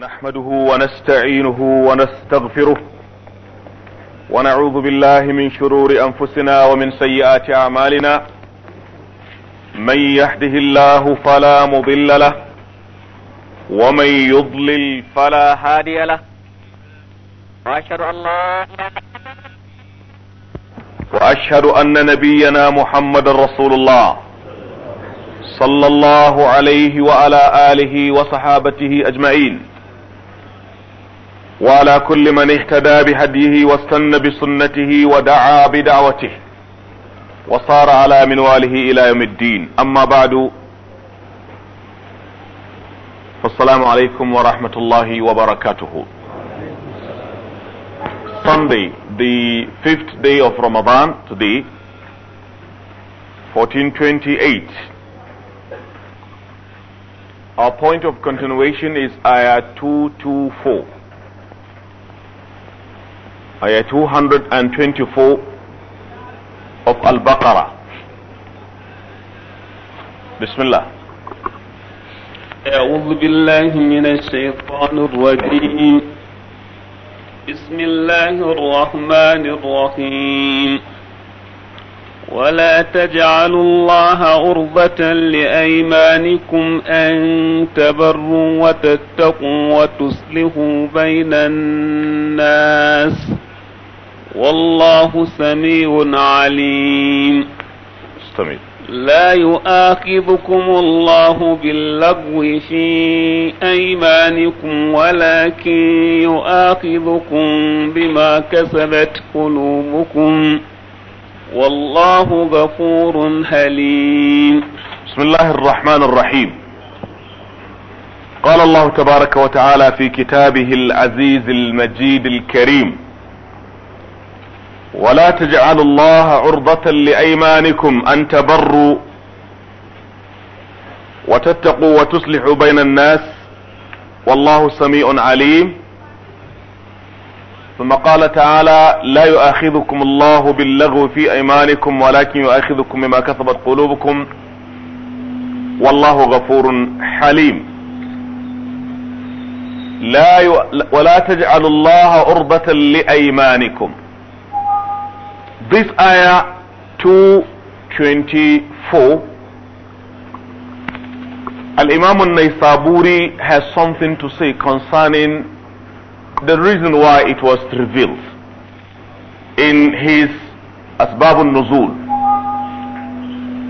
نحمده ونستعينه ونستغفره ونعوذ بالله من شرور انفسنا ومن سيئات اعمالنا من يهده الله فلا مضل له ومن يضلل فلا هادي له واشهد ان لا واشهد ان نبينا محمد رسول الله صلى الله عليه وعلى اله وصحابته اجمعين وعلى كل من اهتدى بهديه واستنى بسنته ودعا بدعوته وصار على منواله الى يوم الدين اما بعد فالسلام عليكم ورحمة الله وبركاته Sunday, the fifth day of Ramadan, today, 1428. Our point of continuation is Ayah 224. آية ayah 224 of Al-Baqarah. Bismillah. أعوذ بالله من الشيطان الرجيم بسم الله الرحمن الرحيم ولا تجعلوا الله عرضة لأيمانكم أن تبروا وتتقوا وتصلحوا بين الناس والله سميع عليم استمع لا يؤاخذكم الله باللغو في أيمانكم ولكن يؤاخذكم بما كسبت قلوبكم والله غفور حليم بسم الله الرحمن الرحيم قال الله تبارك وتعالى في كتابه العزيز المجيد الكريم ولا تجعلوا الله عرضة لأيمانكم أن تبروا وتتقوا وتصلحوا بين الناس والله سميع عليم ثم قال تعالى لا يؤاخذكم الله باللغو في أيمانكم ولكن يؤاخذكم بما كسبت قلوبكم والله غفور حليم لا ي... ولا تجعلوا الله عرضة لأيمانكم This ayah 224, Al-Imam al-Naysaburi has something to say concerning the reason why it was revealed in his Asbab al-Nuzul.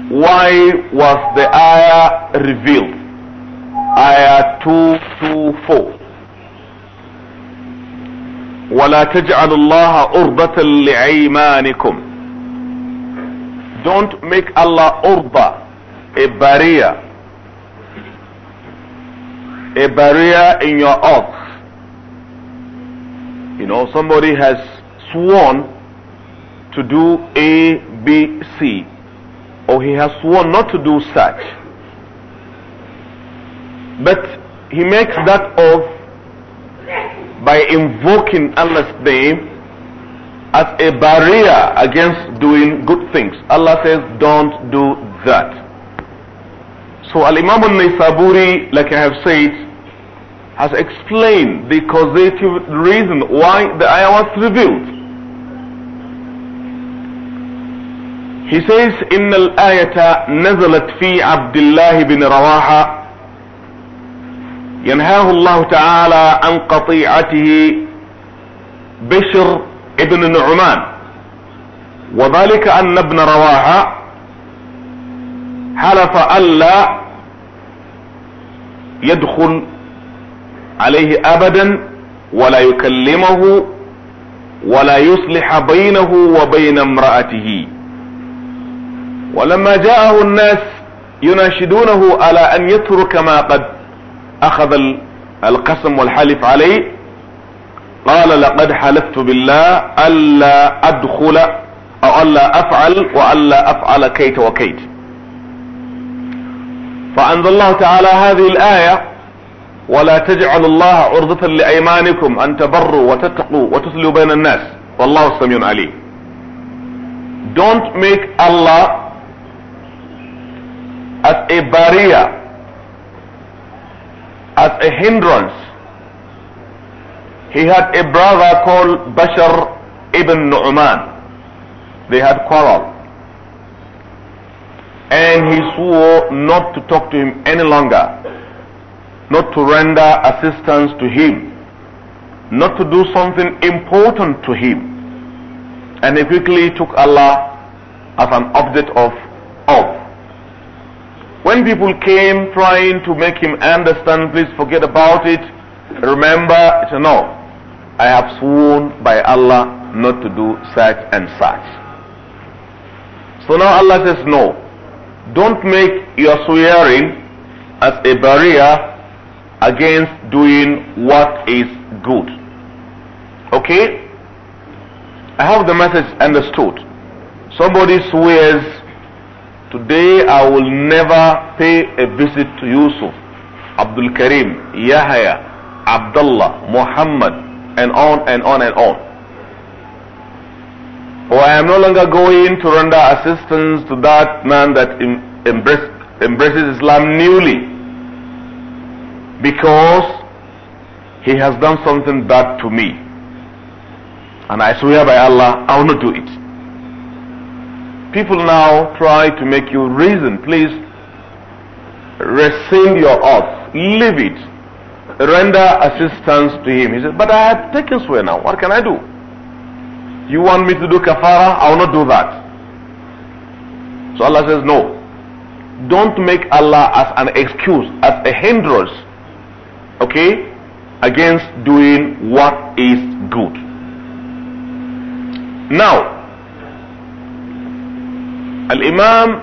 Why was the ayah revealed? Ayah 224. ولا تجعلوا الله عرضة لأيمانكم Don't make Allah urba, a barrier, a barrier in your oath. You know, somebody has sworn to do A, B, C, or he has sworn not to do such. But he makes that oath by invoking Allah's name as a barrier against doing good things. Allah says, don't do that. So Al-Imam al-Naysaburi, like I have said, has explained the causative reason why the ayah was revealed. He says, إن الآية نزلت في عبد الله بن رواحة ينهاه الله تعالى عن قطيعته بشر ابن نعمان وذلك ان ابن رواحه حلف الا يدخل عليه ابدا ولا يكلمه ولا يصلح بينه وبين امرأته ولما جاءه الناس يناشدونه على ان يترك ما قد اخذ القسم والحلف عليه قال لقد حلفت بالله الا ادخل او الا افعل والا افعل كيت وكيت فانزل الله تعالى هذه الايه ولا تجعلوا الله عرضة لأيمانكم أن تبروا وتتقوا وتصلوا بين الناس والله السميع عليم Don't make Allah as a barrier as a hindrance. He had a brother called Bashar ibn Nu'man. They had quarrel. And he swore not to talk to him any longer, not to render assistance to him, not to do something important to him. And he quickly took Allah as an object of awe. When people came trying to make him understand, please forget about it, remember, no, I have sworn by Allah not to do such and such. So now Allah says, no, don't make your swearing as a barrier against doing what is good. Okay? I hope the message understood. Somebody swears Today I will never pay a visit to Yusuf, Abdul Karim, Yahya, Abdullah, Muhammad, and on and on and on. Or oh, I am no longer going to render assistance to that man that embrace, embraces Islam newly because he has done something bad to me. And I swear by Allah, I will not do it. People now try to make you reason. Please rescind your oath. Leave it. Render assistance to him. He said, but I have taken swear now. What can I do? You want me to do kafara? I will not do that. So Allah says, no. Don't make Allah as an excuse, as a hindrance. Okay? Against doing what is good. Now, الامام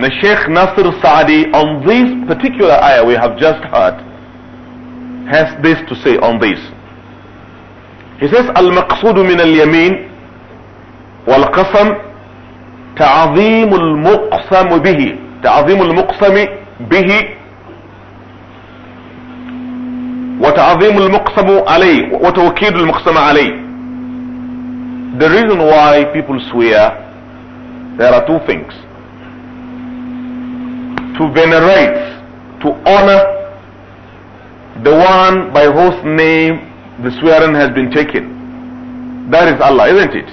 الشيخ the السعدي on this particular ayah we have just heard has this to say on this. He says, المقصود من اليمين والقسم تعظيم المقسم به تعظيم المقسم به وتعظيم المقسم عليه وتوكيد المقسم عليه The reason why people swear There are two things. To venerate, to honor the one by whose name the swearing has been taken. That is Allah, isn't it?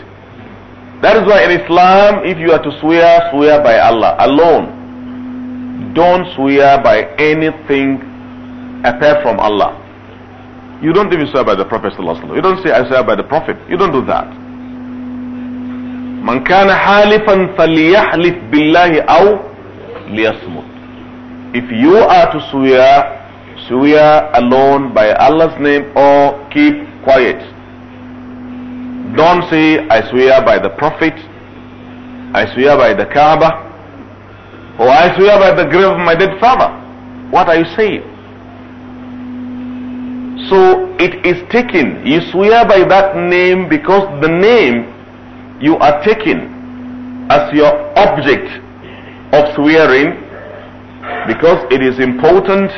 That is why in Islam, if you are to swear, swear by Allah alone. Don't swear by anything apart from Allah. You don't even swear by the Prophet. You don't say, I swear by the Prophet. You don't do that. من كان حالفا فليحلف بالله أو ليصمت If you are to swear, swear alone by Allah's name or keep quiet. Don't say, I swear by the Prophet, I swear by the Kaaba, or I swear by the grave of my dead father. What are you saying? So it is taken, you swear by that name because the name you are taking as your object of swearing because it is important,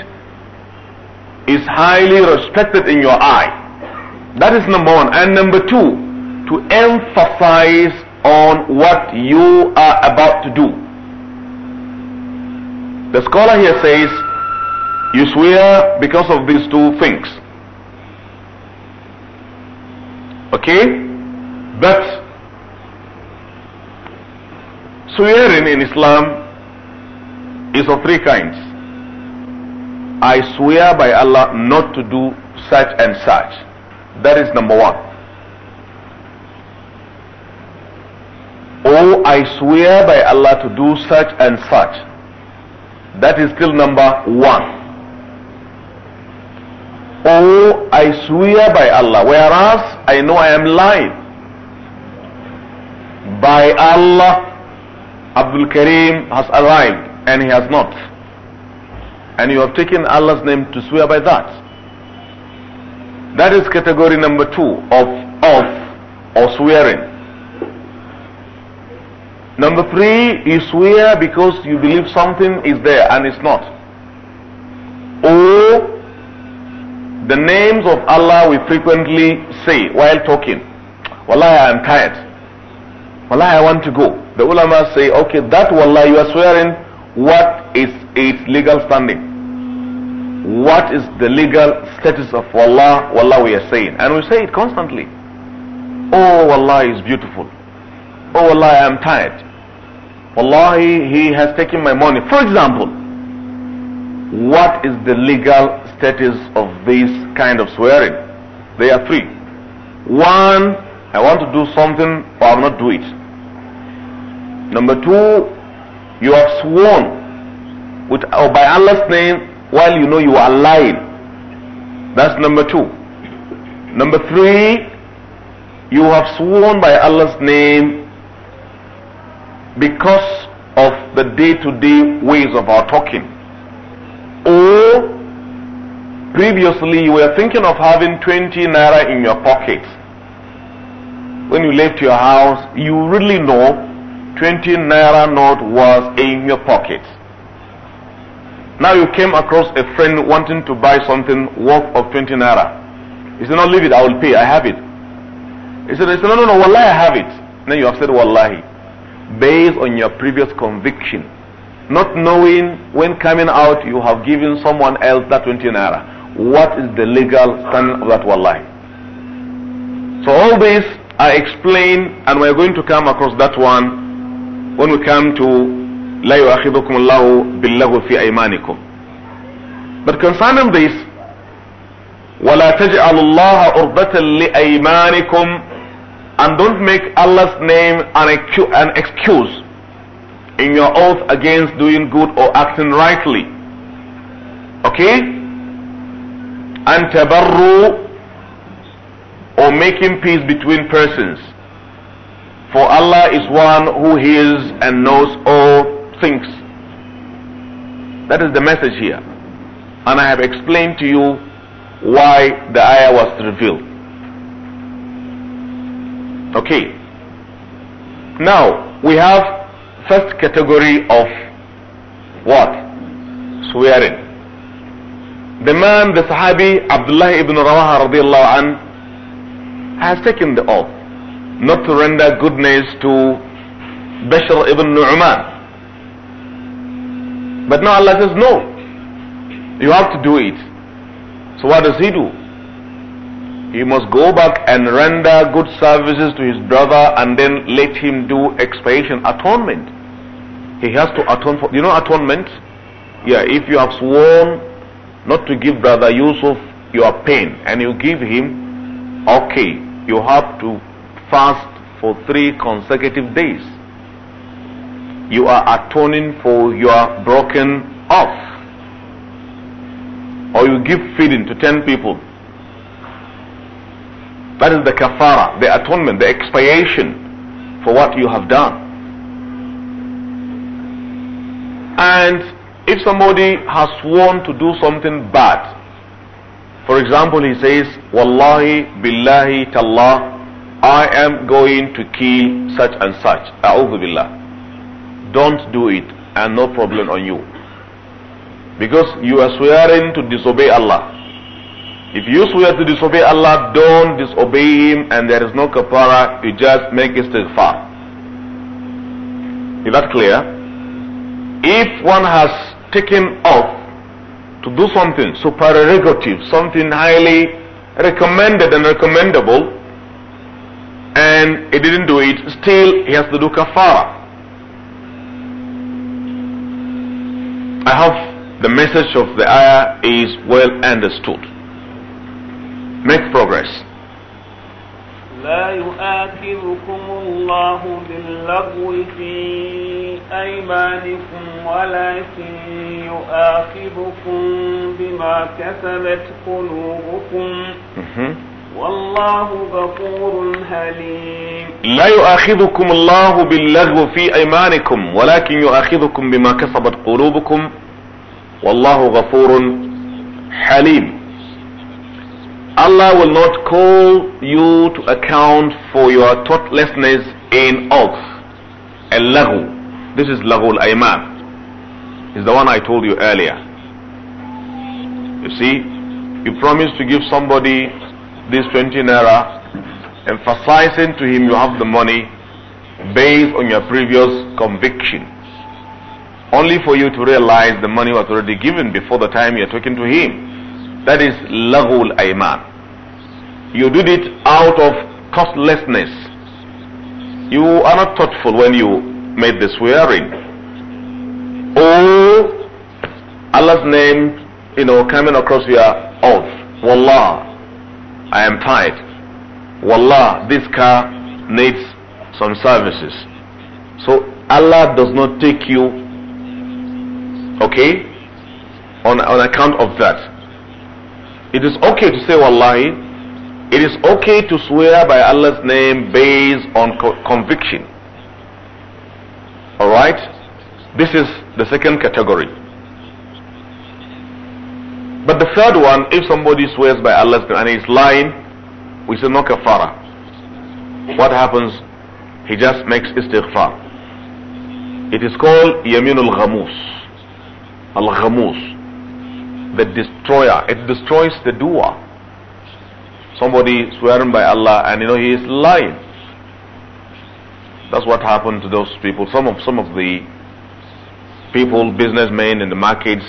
is highly respected in your eye. That is number one. And number two, to emphasize on what you are about to do. The scholar here says, you swear because of these two things. Okay? But Swearing in Islam is of three kinds. I swear by Allah not to do such and such. That is number one. Oh, I swear by Allah to do such and such. That is still number one. Oh, I swear by Allah, whereas I know I am lying. By Allah, Abdul Karim has arrived and he has not. And you have taken Allah's name to swear by that. That is category number two of of or swearing. Number three, you swear because you believe something is there and it's not. Or the names of Allah we frequently say while talking. Wallahi, I am tired. Wallahi, I want to go. The ulama say, okay, that wallahi you are swearing, what is its legal standing? What is the legal status of wallah? Wallah we are saying. And we say it constantly. Oh, wallahi is beautiful. Oh, wallahi I am tired. Wallahi he has taken my money. For example, what is the legal status of this kind of swearing? There are three. One, I want to do something, but I will not do it. Number two, you have sworn with, or by Allah's name while you know you are lying. That's number two. Number three, you have sworn by Allah's name because of the day to day ways of our talking. Or previously you were thinking of having 20 naira in your pocket. When you left your house, you really know 20 naira note was in your pocket. Now you came across a friend wanting to buy something worth of 20 naira. He said, no, leave it, I will pay, I have it. He said, no, no, no, wallahi, I have it. Then you have said, wallahi, based on your previous conviction, not knowing when coming out you have given someone else that 20 naira. What is the legal standing of that wallahi? So all this I explained and we're going to come across that one when we come to لا يؤاخذكم الله باللغو في أيمانكم but concerning this ولا تجعل الله عربة لأيمانكم and don't make Allah's name an excuse in your oath against doing good or acting rightly okay and tabarru or making peace between persons for Allah is one who hears and knows all things. That is the message here. And I have explained to you why the ayah was revealed. Okay. Now, we have first category of what? Swearing. The man, the Sahabi, Abdullah ibn Rawaha radiallahu an, has taken the oath not to render goodness to Bashar ibn Nu'man. But now Allah says, no, you have to do it. So what does he do? He must go back and render good services to his brother and then let him do expiation, atonement. He has to atone for, you know atonement? Yeah, if you have sworn not to give brother Yusuf your pain and you give him, okay, you have to fast for three consecutive days. You are atoning for your broken off. Or you give feeding to 10 people. That is the kafara, the atonement, the expiation for what you have done. And if somebody has sworn to do something bad, for example, he says, Wallahi, Billahi, Tallah, I am going to kill such and such. A'udhu Don't do it and no problem on you. Because you are swearing to disobey Allah. If you swear to disobey Allah, don't disobey Him and there is no kapara, you just make istighfar. Is that clear? If one has taken off to do something supererogative, something highly recommended and recommendable, and he didn't do it, still he has to do kafara. I hope the message of the ayah is well understood. Make progress. لا يؤاخذكم الله باللغو في أيمانكم ولكن يؤاخذكم بما كسبت قلوبكم mm-hmm. والله غفور حليم لا يؤاخذكم الله باللغو في ايمانكم ولكن يؤاخذكم بما كسبت قلوبكم والله غفور حليم Allah will not call you to account for your thoughtlessness in of Al-Lahu. This is al Ayman. It's the one I told you earlier. You see, you promise to give somebody this 20 naira, emphasizing to him you have the money based on your previous conviction. Only for you to realize the money was already given before the time you're talking to him. That is lagul ayman. You did it out of costlessness. You are not thoughtful when you made the swearing. Oh, Allah's name, you know, coming across your oath. Wallah, I am tired. Wallah, this car needs some services. So Allah does not take you, okay, on, on account of that. It is okay to say Wallahi. It is okay to swear by Allah's name based on co conviction. Alright? This is the second category. But the third one, if somebody swears by Allah and he's lying, we say no kafara. What happens? He just makes istighfar. It is called Yaminul Ghamus. Al Ghamus. The destroyer. It destroys the doer. Somebody swearing by Allah and you know he is lying. That's what happened to those people. Some of some of the people, businessmen in the markets,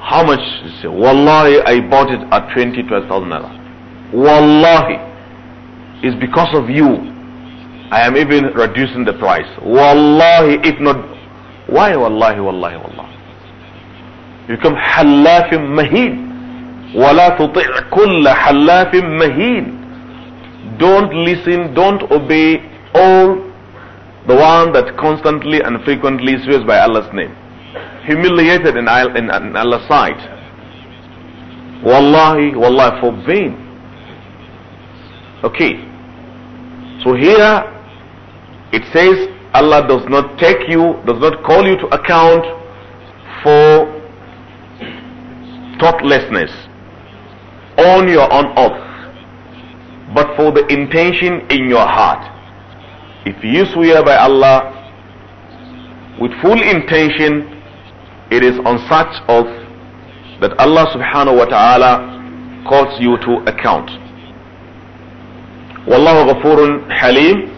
how much? Say, Wallahi, I bought it at 20, 12,000 naira. Wallahi, it's because of you. I am even reducing the price. Wallahi, if not, why wallahi, wallahi, wallahi? You become halafim maheen. وَلَا تُطِعْ halafim حَلَّافٍ مَهِينٍ Don't listen, don't obey all the one that constantly and frequently swears by Allah's name humiliated in, Allah's sight. Wallahi, wallahi, for Okay. So here it says Allah does not take you, does not call you to account for thoughtlessness on your own oath, but for the intention in your heart. If you swear by Allah with full intention, it is on such oath that Allah subhanahu wa ta'ala calls you to account. Wallahu ghafurun halim.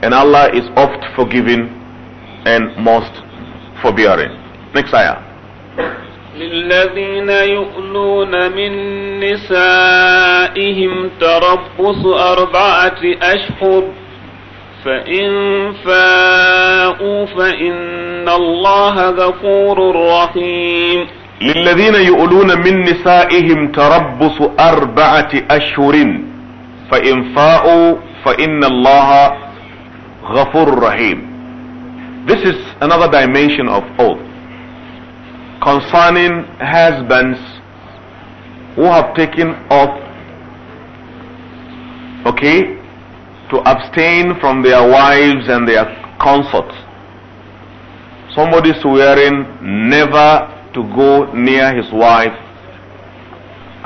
And Allah is oft forgiving and most forbearing. Next ayah. للذين يؤلون من نسائهم تربص أربعة أشهر فإن فاءوا فإن الله غفور رحيم للذين يؤلون من نسائهم تربص أربعة أشهر فإن فاءوا فإن الله غفور رحيم This is another dimension of oath concerning husbands who have taken oath okay to abstain from their wives and their consorts. Somebody swearing never to go near his wife,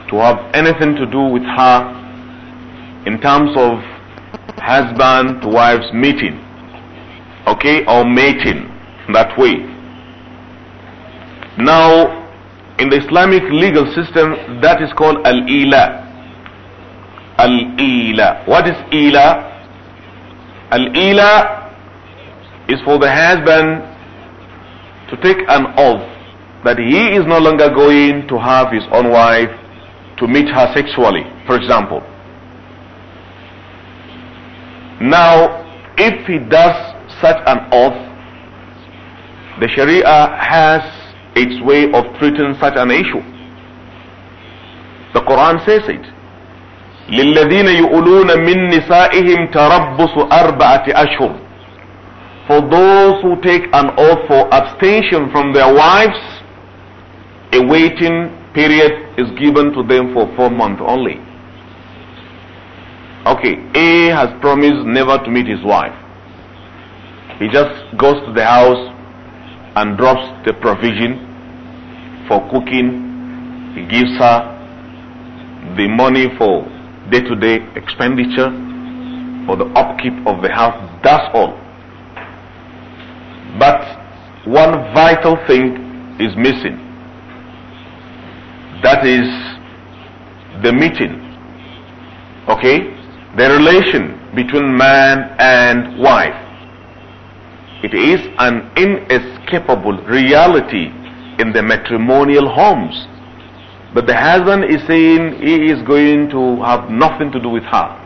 to have anything to do with her in terms of husband to wife's meeting, okay, or mating that way. Now, in the Islamic legal system, that is called al-ila. Al-ila. What is ila? Al-ila is for the husband to take an oath that he is no longer going to have his own wife to meet her sexually, for example. Now, if he does such an oath, the Sharia has its way of treating such an issue. The Quran says it. للذين يؤلون من نسائهم تربص أربعة أشهر For those who take an oath for abstention from their wives, a waiting period is given to them for four months only. Okay, A has promised never to meet his wife. He just goes to the house and drops the provision for cooking. He gives her the money for day-to-day expenditure for the upkeep of the house. That's all. But one vital thing is missing. That is the meeting. Okay? The relation between man and wife. It is an inescapable reality in the matrimonial homes but the husband is saying he is going to have nothing to do with her.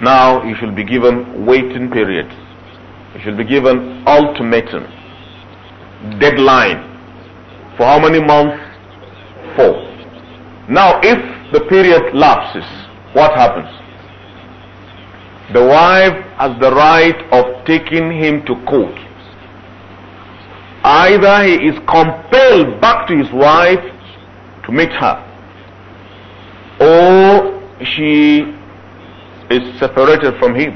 Now he should be given waiting period. He should be given ultimatum, deadline. For how many months? Four. Now if the period lapses, what happens? The wife has the right of taking him to court. Either he is compelled back to his wife to meet her or she is separated from him.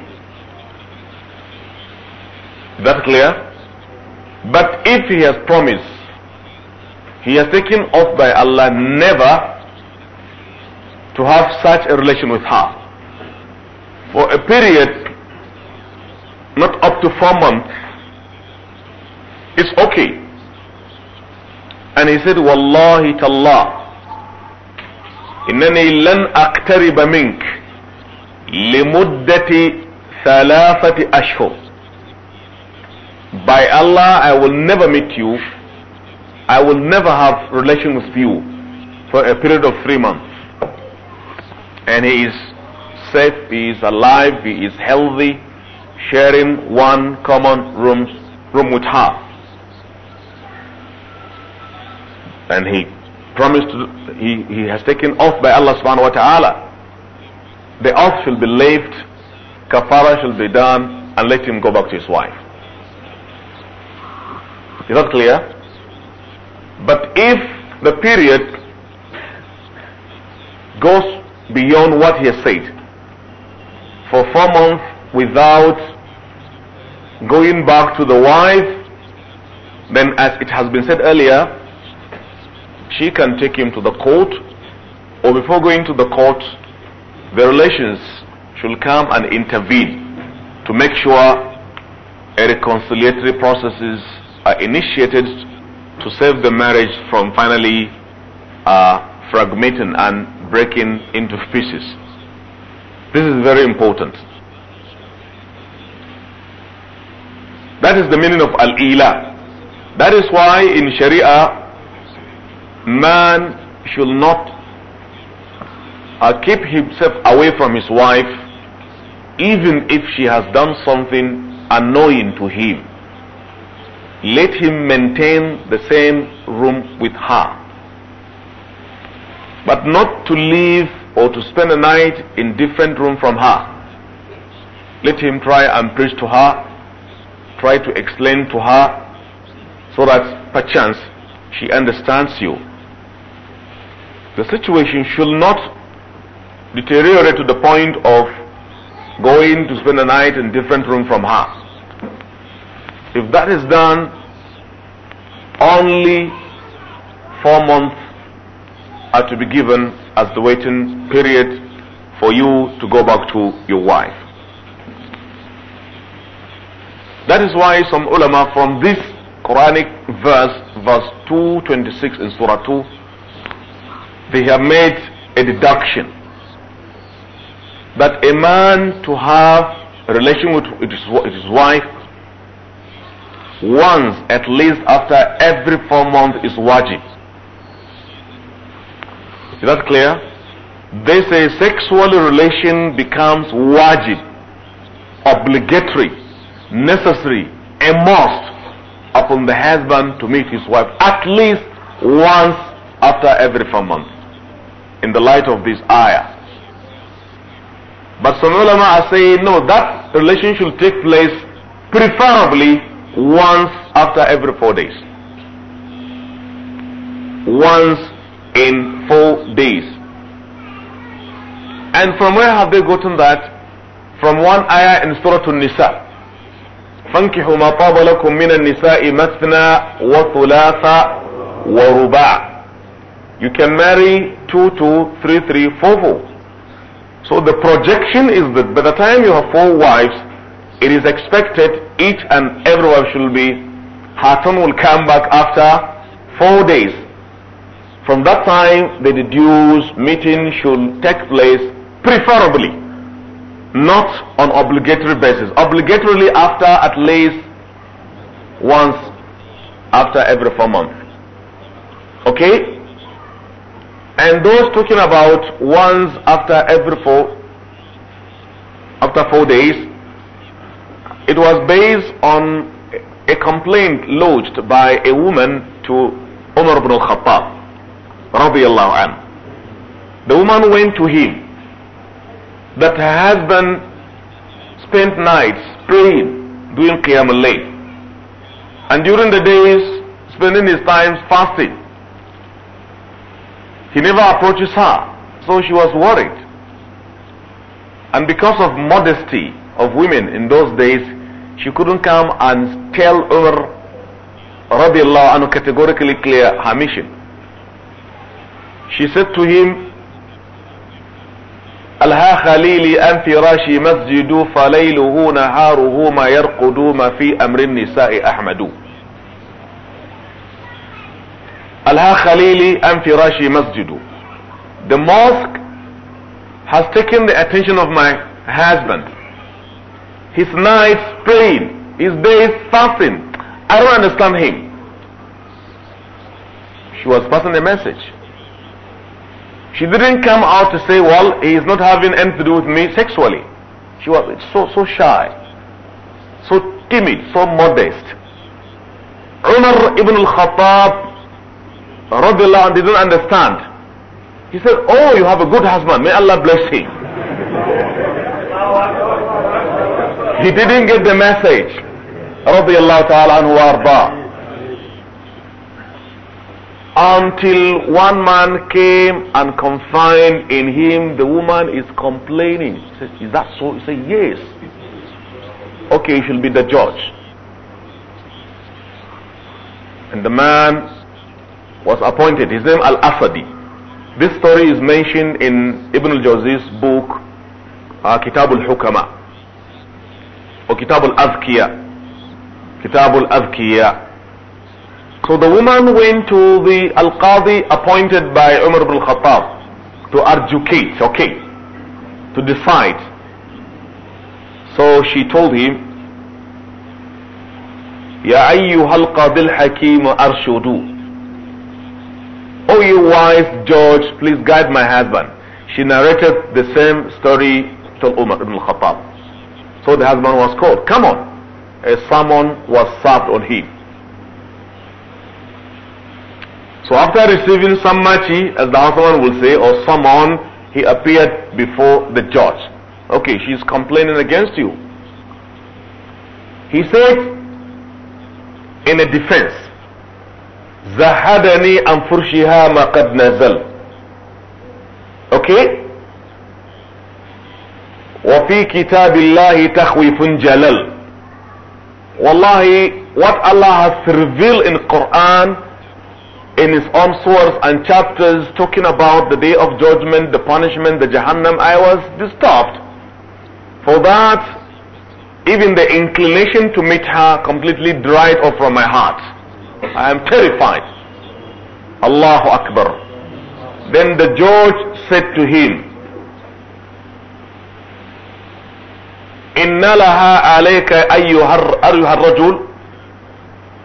That clear? But if he has promised, he has taken off by Allah never to have such a relation with her. For a period, not up to four months, it's okay. And he said, Wallahi tallah, إنني لن أقترب منك لمدة ثلاثة أشهر By Allah, I will never meet you. I will never have relations with you for a period of three months. And he is safe, he is alive, he is healthy, sharing one common room, room with her. And he promised he, he has taken oath by Allah subhanahu wa ta'ala. The oath shall be left, kafara shall be done, and let him go back to his wife. Is that clear? But if the period goes beyond what he has said, for four months without going back to the wife, then as it has been said earlier, she can take him to the court or before going to the court, the relations should come and intervene to make sure a reconciliatory processes are initiated to save the marriage from finally uh, fragmenting and breaking into pieces. This is very important. That is the meaning of al-ila. That is why in Sharia man should not uh, keep himself away from his wife even if she has done something annoying to him. Let him maintain the same room with her. But not to live or to spend a night in different room from her. Let him try and preach to her, try to explain to her, so that perchance she understands you the situation should not deteriorate to the point of going to spend the night in different room from her. If that is done, only four months are to be given as the waiting period for you to go back to your wife. That is why some ulama from this Quranic verse, verse 226 in Surah 2, they have made a deduction that a man to have a relation with his, with his wife once at least after every four months is wajib. Is that clear? They say sexual relation becomes wajib, obligatory, necessary, a must upon the husband to meet his wife at least once after every four months in the light of this ayah. But some ulama are saying, no, that relation should take place preferably once after every four days. Once in four days. And from where have they gotten that? From one ayah in Surah to nisa فانكحوا ما طاب لكم من النساء مثنى وثلاث ورباع you can marry two, two, three, three, four, four. So the projection is that by the time you have four wives, it is expected each and every wife should be, her son will come back after four days. From that time, the deduce meeting should take place preferably, not on obligatory basis. Obligatorily after at least once after every four months. Okay? And those talking about once after every four, after four days, it was based on a complaint lodged by a woman to Umar ibn al-Khattab, radiallahu An. The woman went to him that her husband spent nights praying, doing Qiyam al-Layl. And during the days, spending his time fasting. He never approaches her. So she was worried. And because of modesty of women in those days, she couldn't come and tell Umar radiallahu anhu categorically clear her mission. She said to him, ألها خليلي أن فراشي مسجد فليله نهاره ما يرقد ما في أمر النساء أحمد Alha Khalili and Firashi Masjidu. The mosque has taken the attention of my husband. His nights praying, his days fasting. I don't understand him. She was passing a message. She didn't come out to say, well, he is not having anything to do with me sexually. She was so, so shy, so timid, so modest. Umar ibn al-Khattab radiallahu anh didn't understand. He said, oh, you have a good husband. May Allah bless him. he didn't get the message. Radiallahu ta'ala anhu arba. Until one man came and confined in him, the woman is complaining. He says, is that so? He said, yes. Okay, you shall be the judge. And the man was appointed. His name Al-Asadi. This story is mentioned in Ibn al-Jawzi's book uh, Kitab al-Hukama or Kitab al-Azkiya. Kitab al-Azkiya. So the woman went to the Al-Qadi appointed by Umar ibn Khattab to adjudicate, okay, to decide. So she told him, يا أيها القاضي الحكيم أرشدوا O oh, ye wife, George, please guide my husband. She narrated the same story to Umar ibn al-Khattab. So the husband was called. Come on. A sermon was served on him. So after receiving some machi, as the husband will say, or summon, he appeared before the judge. Okay, she's complaining against you. He said, in a defense, zahadani عن فرشها ما قد نزل اوكي وفي كتاب الله what Allah has revealed in Quran in his own source and chapters talking about the day of judgment, the punishment, the Jahannam, I was disturbed. For that, even the inclination to meet her completely dried off from my heart. I am terrified. Allahu Akbar. Then the judge said to him, إن لها عليك ayyuha أيها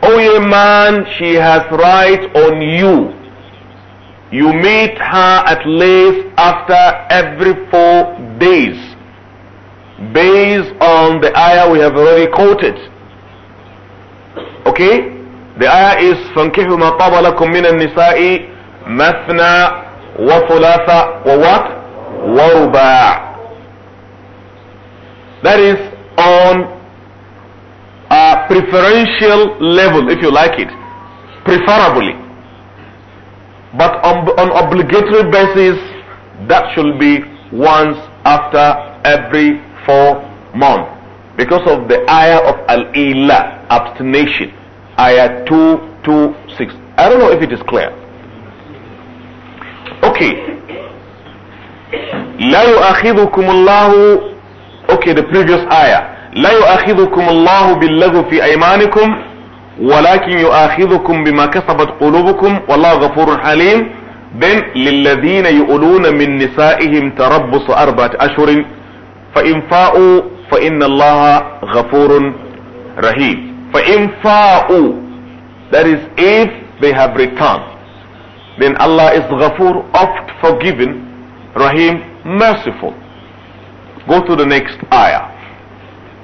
O ye man, she has right on you. You meet her at least after every four days, based on the ayah we have already quoted. Okay? The ayah is فَانْكِحُ مَا طَابَ لَكُم مِّنَ النِّسَاءِ مَثْنَى وَثُلَاثَ وَوَاتْ وَرُبَاعَ That is on a preferential level, if you like it, preferably. But on, on obligatory basis, that should be once after every four months because of the ayah of al ilah abstination. ayah آية 226. I don't know if it is clear. Okay. لا يؤاخذكم الله okay the previous ayah آية. لا يؤاخذكم الله باللغو في ايمانكم ولكن يؤاخذكم بما كسبت قلوبكم والله غفور حليم then للذين يؤلون من نسائهم تربص اربعة اشهر فان فاءوا فان الله غفور رحيم فَإِنْ That is, if they have returned, then Allah is Ghafur, oft forgiven, Rahim, merciful. Go to the next ayah.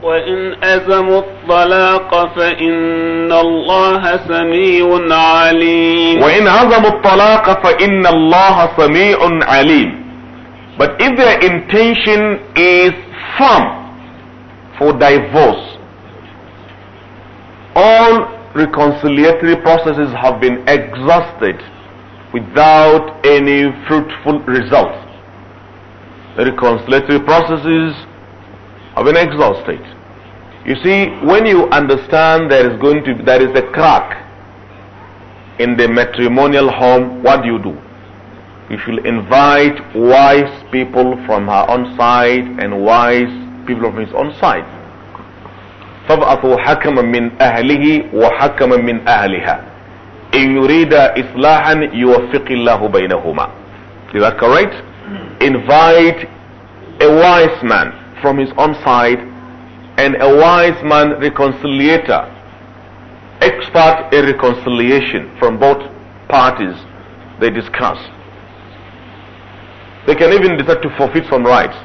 وإن أزموا الطلاق فإن الله سميع عليم وإن عزموا الطلاق فإن الله سميع عليم But if their intention is firm for divorce, all reconciliatory processes have been exhausted without any fruitful results. The reconciliatory processes have been exhausted. You see, when you understand there is going to be, there is a crack in the matrimonial home, what do you do? You should invite wise people from her own side and wise people from his own side. فابعثوا حكما من أهله وحكما من أهلها إن يريد إصلاحا يوفق الله بينهما Is that correct? Invite a wise man from his own side and a wise man reconciliator, expert in reconciliation from both parties they discuss. They can even decide to forfeit some rights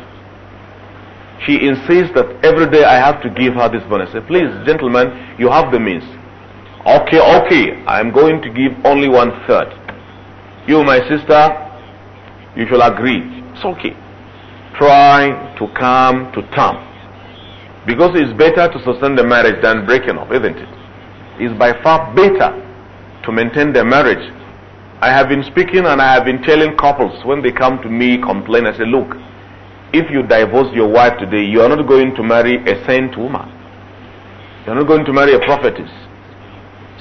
she insists that every day I have to give her this money. I say, please, gentlemen, you have the means. Okay, okay, I'm going to give only one third. You, my sister, you shall agree. It's okay. Try to come to terms. Because it's better to sustain the marriage than breaking up, isn't it? It's by far better to maintain the marriage I have been speaking and I have been telling couples when they come to me complain, I say, look, if you divorce your wife today, you are not going to marry a saint woman. You are not going to marry a prophetess.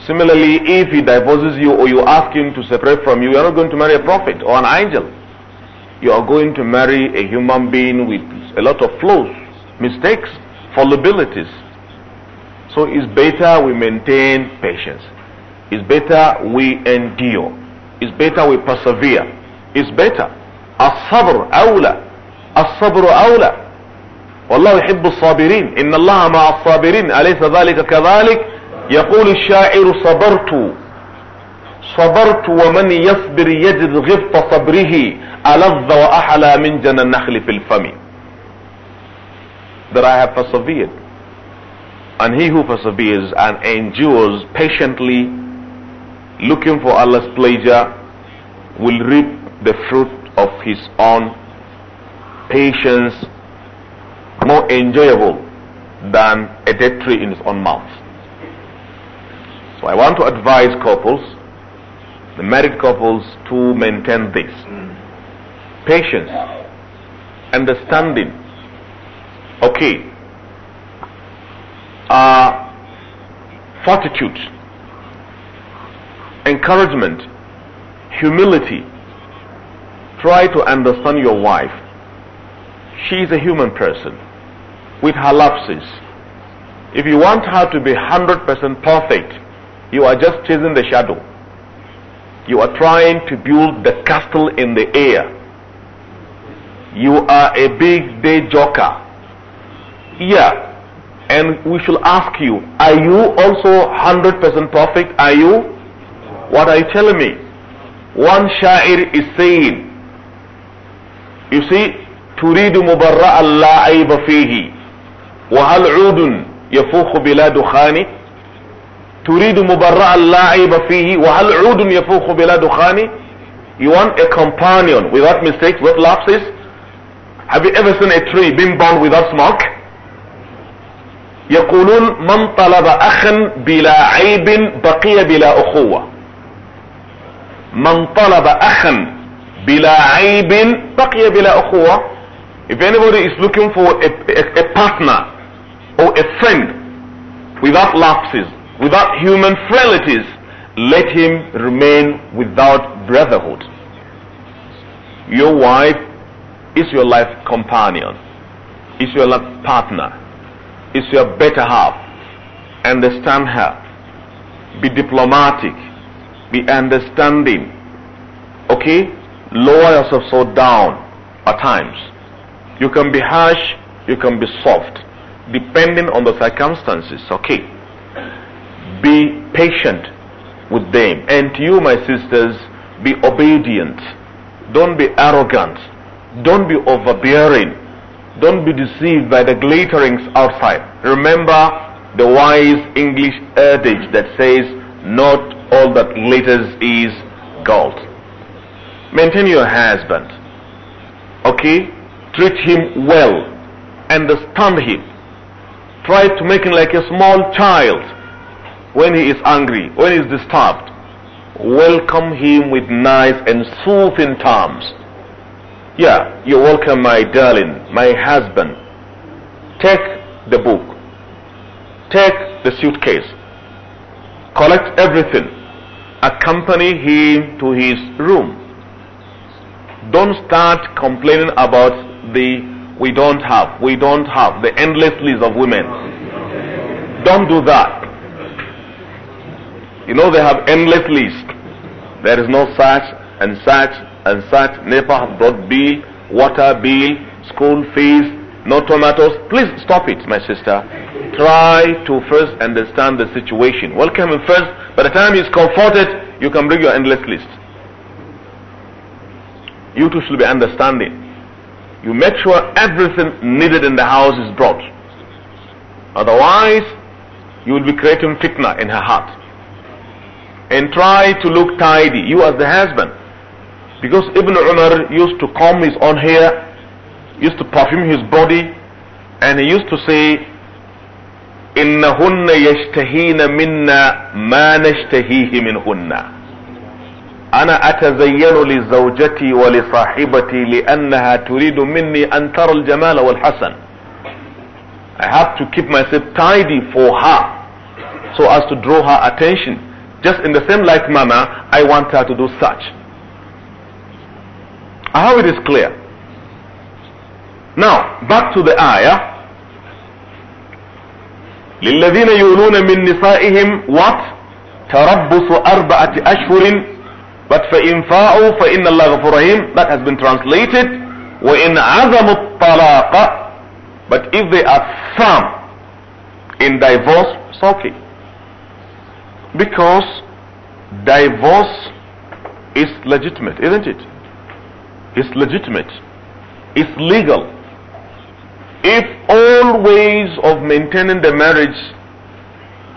Similarly, if he divorces you or you ask him to separate from you, you are not going to marry a prophet or an angel. You are going to marry a human being with a lot of flaws, mistakes, fallibilities. So it's better we maintain patience. It's better we endure. It's better we persevere. It's better. As-sabr awla الصبر اولى والله يحب الصابرين ان الله مع الصابرين اليس ذلك كذلك يقول الشاعر صبرت صبرت ومن يصبر يجد غبط صبره ألذ وأحلى من جنى النخل في الفم that I have persevered and he who perseveres and endures patiently looking for Allah's pleasure will reap the fruit of his own patience more enjoyable than a dead tree in its own mouth. So I want to advise couples, the married couples, to maintain this. Patience, understanding. Okay. Uh, fortitude, encouragement, humility. Try to understand your wife she is a human person with her lapses. If you want her to be 100% perfect, you are just chasing the shadow. You are trying to build the castle in the air. You are a big day joker. Yeah. And we shall ask you, are you also 100% perfect? Are you? What are you telling me? One sha'ir is saying, you see, تريد مبرأ لا عيب فيه وهل عود يفوخ بلا دخان تريد مبرأ لا عيب فيه وهل عود يفوخ بلا دخان You want a companion without mistakes, without lapses? Have you ever seen a tree being burned without smoke? يقولون من طلب أخا بلا عيب بقي بلا أخوة من طلب أخا بلا عيب بقي بلا أخوة If anybody is looking for a, a, a partner or a friend without lapses, without human frailties, let him remain without brotherhood. Your wife is your life companion, is your life partner, is your better half. Understand her. Be diplomatic. Be understanding. Okay? Lower yourself so down at times. You can be harsh, you can be soft, depending on the circumstances, okay? Be patient with them. And you, my sisters, be obedient. Don't be arrogant. Don't be overbearing. Don't be deceived by the glitterings outside. Remember the wise English adage that says, not all that glitters is gold. Maintain your husband. Okay? treat him well, understand him, try to make him like a small child when he is angry, when he is disturbed. Welcome him with nice and soothing terms. Yeah, you're welcome, my darling, my husband. Take the book, take the suitcase, collect everything, accompany him to his room. Don't start complaining about the we don't have, we don't have, the endless list of women. Don't do that. You know they have endless list. There is no such and such and such. NEPA has brought bill, water bill, school fees, no tomatoes. Please stop it, my sister. Try to first understand the situation. Welcome him first. By the time he's comforted, you can bring your endless list. You too should be understanding. You make sure everything needed in the house is brought. Otherwise, you will be creating fitna in her heart. And try to look tidy, you as the husband. Because Ibn Umar used to comb his own hair, used to perfume his body, and he used to say, إنهن يشتهين منا ما نشتهيه Hunna." أنا أتزين لزوجتي ولصاحبتي لأنها تريد مني أن ترى الجمال والحسن I have to keep myself tidy for her so as to draw her attention just in the same light manner I want her to do such I hope it is clear now back to the ayah للذين يولون من نسائهم what تربص أربعة أشهر but فَإِنْ فَاءُوا فَإِنَّ اللَّهَ غَفُورٌ That has been translated. وَإِنْ عَزَمُوا الطَّلَاقَ But if they are firm in divorce, it's okay. Because divorce is legitimate, isn't it? It's legitimate. It's legal. If all ways of maintaining the marriage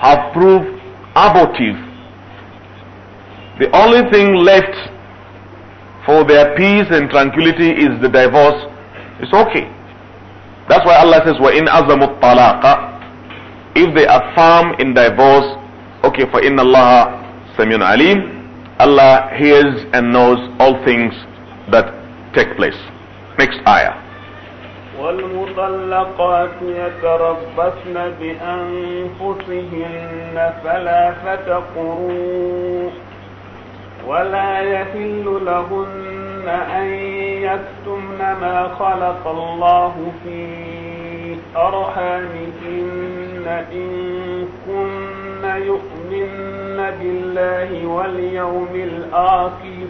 have proved abortive, the only thing left for their peace and tranquility is the divorce. It's okay. That's why Allah says, وَإِنْ أَزَمُوا الطَّلَاقَ If they are firm in divorce, okay, فَإِنَّ اللَّهَ سَمِيٌ عَلِيمٌ Allah hears and knows all things that take place. Next ayah. والمطلقات يتربصن بأنفسهن ثلاثة ولا يحل لهن أن يكتمن ما خلق الله في أرحامهن إن كن يؤمن بالله واليوم الآخر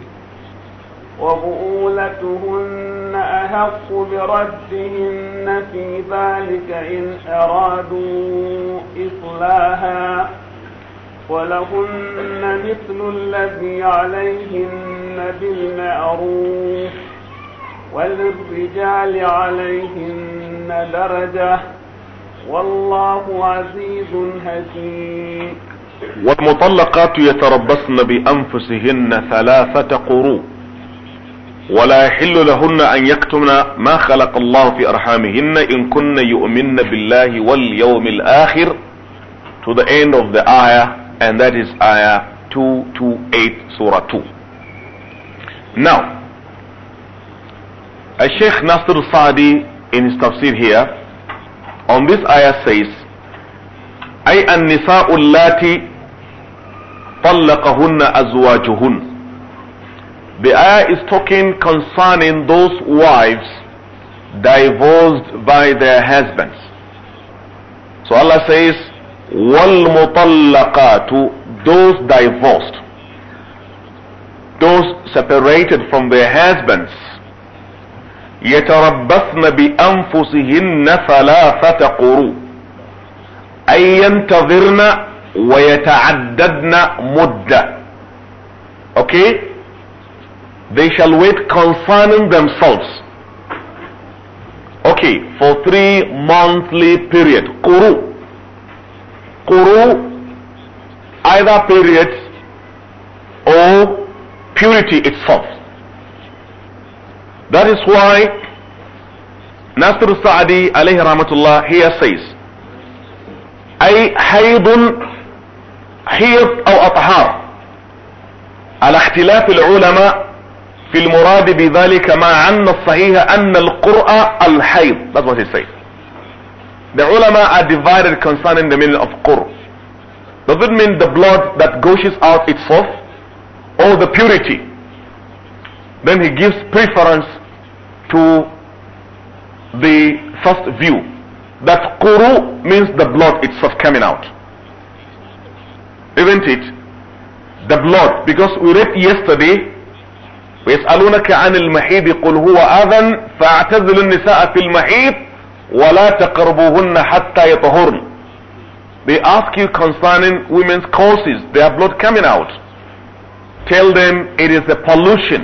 وبؤولتهن أحق بردهن في ذلك إن أرادوا إصلاحا ولهن مثل الذي عليهن بالمعروف وللرجال عليهن درجة والله عزيز حكيم والمطلقات يتربصن بأنفسهن ثلاثة قروء ولا يحل لهن أن يكتمن ما خلق الله في أرحامهن إن كن يؤمن بالله واليوم الآخر to the end of the ayah and that is ayah 228 surah 2 now a Sheikh Nasr Sadi in his tafsir here on this ayah says أي النساء اللاتي طلقهن أزواجهن The ayah is talking concerning those wives divorced by their husbands. So Allah says, وَالْمُطَلَّقَاتُ Those divorced, those separated from their husbands, يتربصن بأنفسهن ثلاثة قروء أي ينتظرن ويتعددن مدة Okay? They shall wait concerning themselves. Okay, for three monthly period. قروء قرو either periods or purity itself. That is why Nasir Sa'adi alayhi rahmatullah here says, أي حيض حيض أو أطهار على اختلاف العلماء في المراد بذلك ما عنا الصحيح أن القرآن الحيض That's what he says. The ulama are divided concerning the meaning of qur. Does it mean the blood that gushes out itself or the purity? Then he gives preference to the first view that quru means the blood itself coming out. Isn't it? The blood because we read yesterday ويسألونك عن المحيض قل هو أذى فاعتزلوا النساء في المحيض وَلَا تَقْرَبُوهُنَّ حَتَّى يَطْهُرْنَ They ask you concerning women's causes; their blood coming out. Tell them it is a pollution.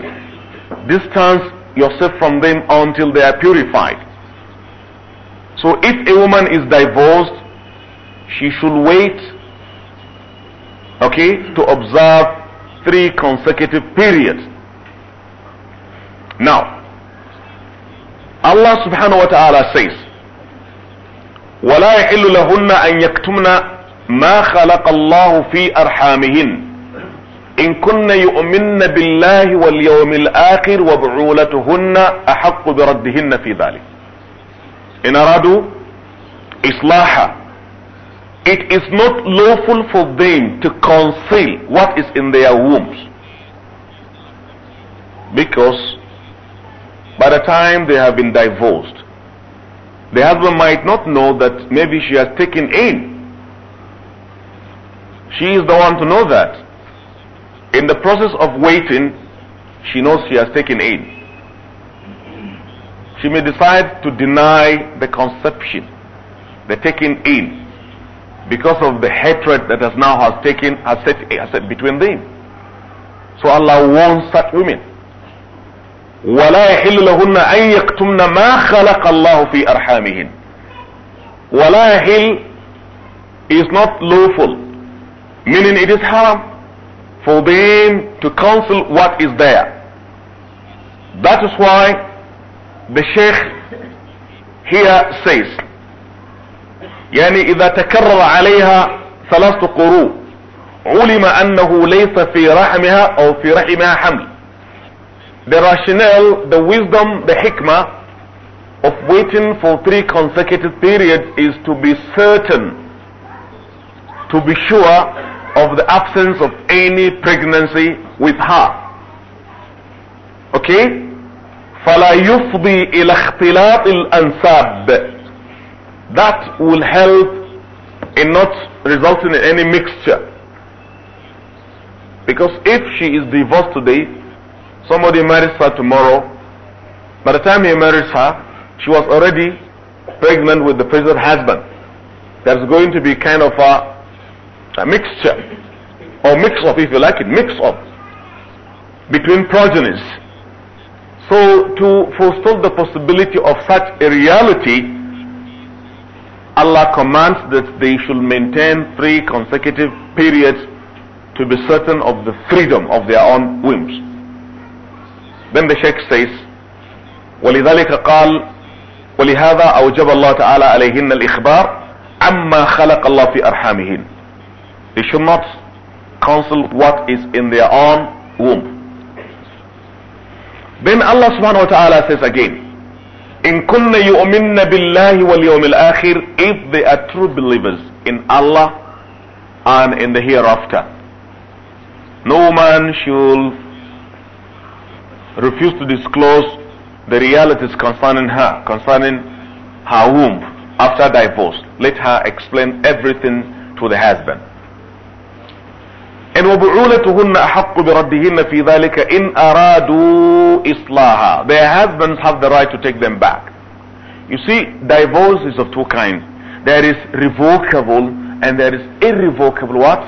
Distance yourself from them until they are purified. So if a woman is divorced, she should wait, okay, to observe three consecutive periods. Now, Allah subhanahu wa ta'ala says, ولا يحل لهن أن يكتمن ما خلق الله في أرحامهن إن كن يؤمن بالله واليوم الآخر وبعولتهن أحق بردهن في ذلك إن أرادوا إصلاحا It is not lawful for them to conceal what is in their wombs. Because by the time they have been divorced, The husband might not know that maybe she has taken in. She is the one to know that. In the process of waiting, she knows she has taken in. She may decide to deny the conception, the taking in, because of the hatred that has now has taken has set, has set between them. So Allah warns such women ولا يحل لهن ان يكتمن ما خلق الله في ارحامهن ولا يحل is not lawful meaning it is haram for them to counsel what is there that is why the sheikh here says يعني اذا تكرر عليها ثلاث قروء علم انه ليس في رحمها او في رحمها حمل the rationale, the wisdom, the hikmah of waiting for three consecutive periods is to be certain, to be sure of the absence of any pregnancy with her. Okay? فَلَا يُفْضِي إِلَى اخْتِلَاطِ الْأَنْسَابِ That will help in not resulting in any mixture. Because if she is divorced today, Somebody marries her tomorrow. By the time he marries her, she was already pregnant with the present husband. There's going to be kind of a, a mixture, or mix-up if you like it, mix-up between progenies. So to forestall the possibility of such a reality, Allah commands that they should maintain three consecutive periods to be certain of the freedom of their own whims. then the sheikh says ولذلك قال ولهذا أوجب الله تعالى عليهن الإخبار عما خلق الله في أرحامهن they should not counsel what is in their own womb then Allah subhanahu wa ta'ala says again in kunna yu'minna billahi wal yawmil akhir if they are true believers in Allah and in the hereafter no man should refused to disclose the realities concerning her, concerning her womb after divorce. Let her explain everything to the husband. And وبعولتهن أحق بردهن في ذلك إن أرادوا إصلاحا. Their husbands have the right to take them back. You see, divorce is of two kinds. There is revocable and there is irrevocable what?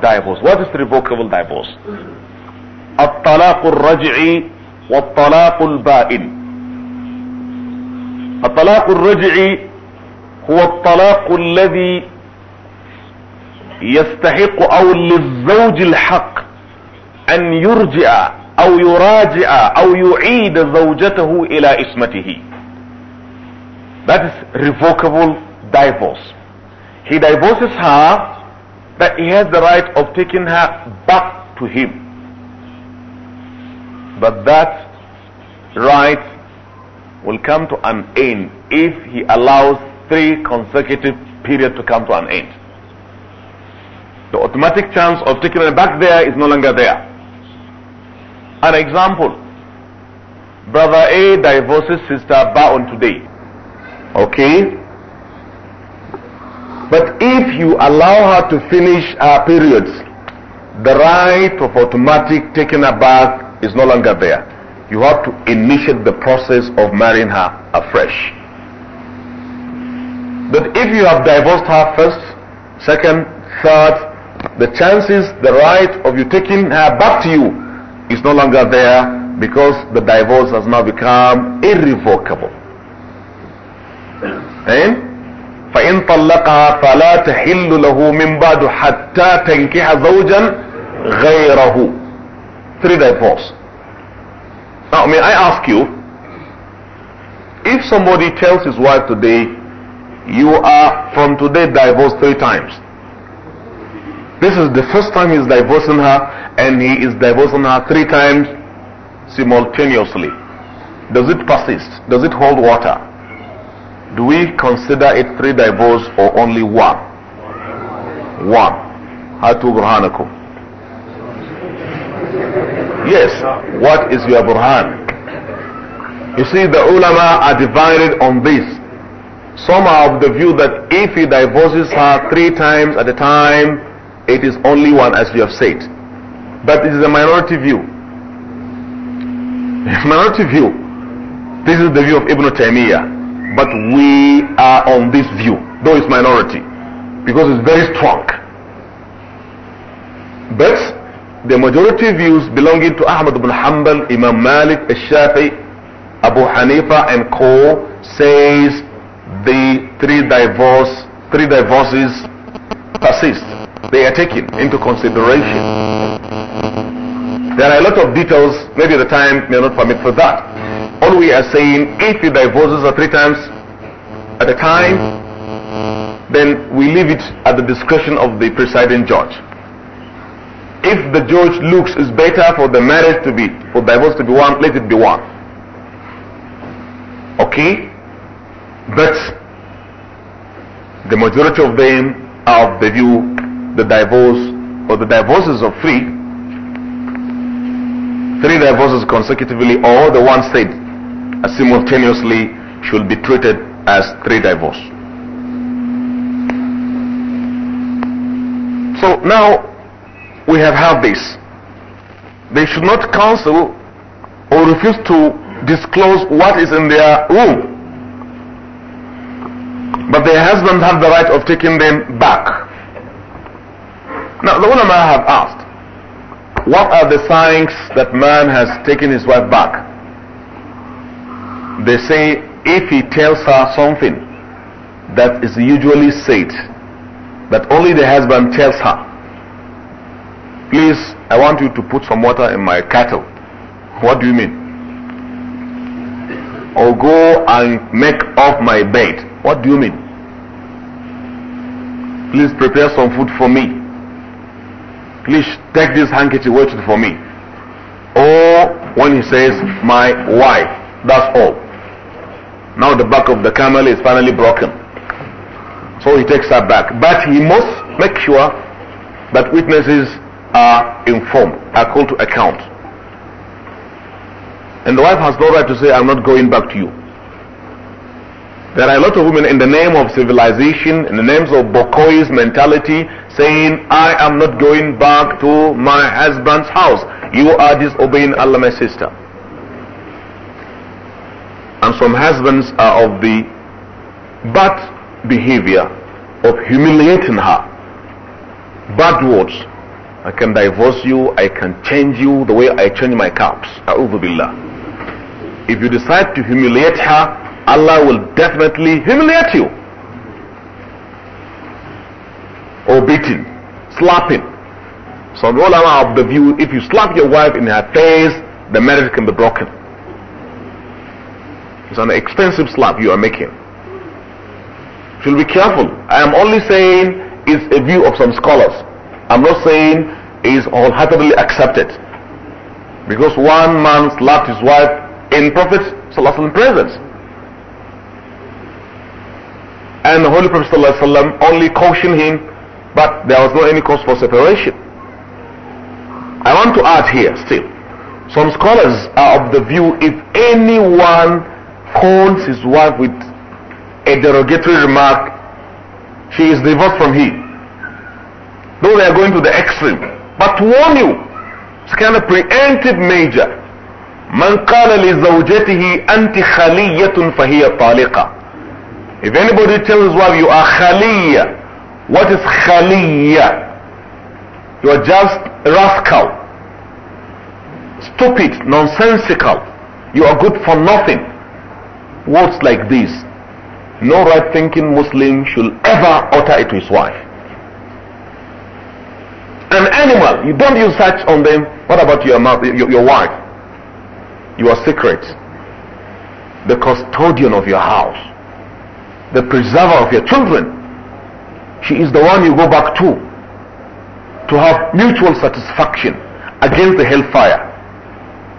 Divorce. What is revocable divorce? الطلاق الرجعي والطلاق البائن الطلاق الرجعي هو الطلاق الذي يستحق او للزوج الحق ان يرجع او يراجع او يعيد زوجته الى اسمته that is revocable divorce he divorces her but he has the right of taking her back to him But that right will come to an end if he allows three consecutive periods to come to an end. The automatic chance of taking it back there is no longer there. An example. Brother A divorces sister on today. Okay? But if you allow her to finish her periods, the right of automatic taking her back is no longer there. You have to initiate the process of marrying her afresh. But if you have divorced her first, second, third, the chances, the right of you taking her back to you is no longer there because the divorce has now become irrevocable. And eh? فإن طلقها فلا تحل له من بعد حتى تنكح زوجا غيره three divorce. Now, may I ask you, if somebody tells his wife today, you are from today divorced three times. This is the first time he's divorcing her, and he is divorcing her three times simultaneously. Does it persist? Does it hold water? Do we consider it three divorces or only one? One. هاتوا برهانكم Yes. What is your Burhan? You see, the ulama are divided on this. Some are of the view that if he divorces her three times at a time, it is only one, as we have said. But this is a minority view. minority view. This is the view of Ibn Taymiyyah. But we are on this view, though it's minority, because it's very strong. But the majority views belonging to Ahmad ibn Hanbal, Imam Malik, Shafi, Abu Hanifa and co says the three divorce, three divorces persist. They are taken into consideration. There are a lot of details, maybe the time may not permit for that. All we are saying, if the divorces are three times at a time, then we leave it at the discretion of the presiding judge if the judge looks it's better for the marriage to be, for divorce to be one, let it be one. Okay? But the majority of them are of the view the divorce or the divorces of three, three divorces consecutively or the one state simultaneously should be treated as three divorces. So now we have had this. They should not counsel or refuse to disclose what is in their room. But their husbands have the right of taking them back. Now the ulama have asked, what are the signs that man has taken his wife back? They say if he tells her something that is usually said, that only the husband tells her, Please, I want you to put some water in my kettle. What do you mean? Or go and make up my bed. What do you mean? Please prepare some food for me. Please take this handkerchief, wait for me. Or when he says, my wife, that's all. Now the back of the camel is finally broken. So he takes her back. But he must make sure that witnesses are informed, are called to account. And the wife has no right to say, I'm not going back to you. There are a lot of women in the name of civilization, in the names of Bokoi's mentality, saying, I am not going back to my husband's house. You are disobeying Allah, my sister. And some husbands are of the bad behavior of humiliating her, bad words, I can divorce you. I can change you the way I change my cups. If you decide to humiliate her, Allah will definitely humiliate you. Or beating, slapping. Some ulama of the view, if you slap your wife in her face, the marriage can be broken. It's an expensive slap you are making. she be careful. I am only saying it's a view of some scholars. I'm not saying is wholeheartedly accepted. Because one man slapped his wife in Prophet's presence. And the Holy Prophet ﷺ only cautioned him, but there was no any cause for separation. I want to add here still, some scholars are of the view if anyone calls his wife with a derogatory remark, she is divorced from him we are going to the extreme. But warn you, it's kind of preemptive measure. من قال لزوجته أنت خلية فهي طالقة. If anybody tells wife you are خلية, what is خلية? You are just rascal, stupid, nonsensical. You are good for nothing. Words like these, no right thinking Muslim should ever utter it to his wife. An animal, you don't use such on them. What about your, your, your wife? Your secret. The custodian of your house. The preserver of your children. She is the one you go back to. To have mutual satisfaction against the hellfire.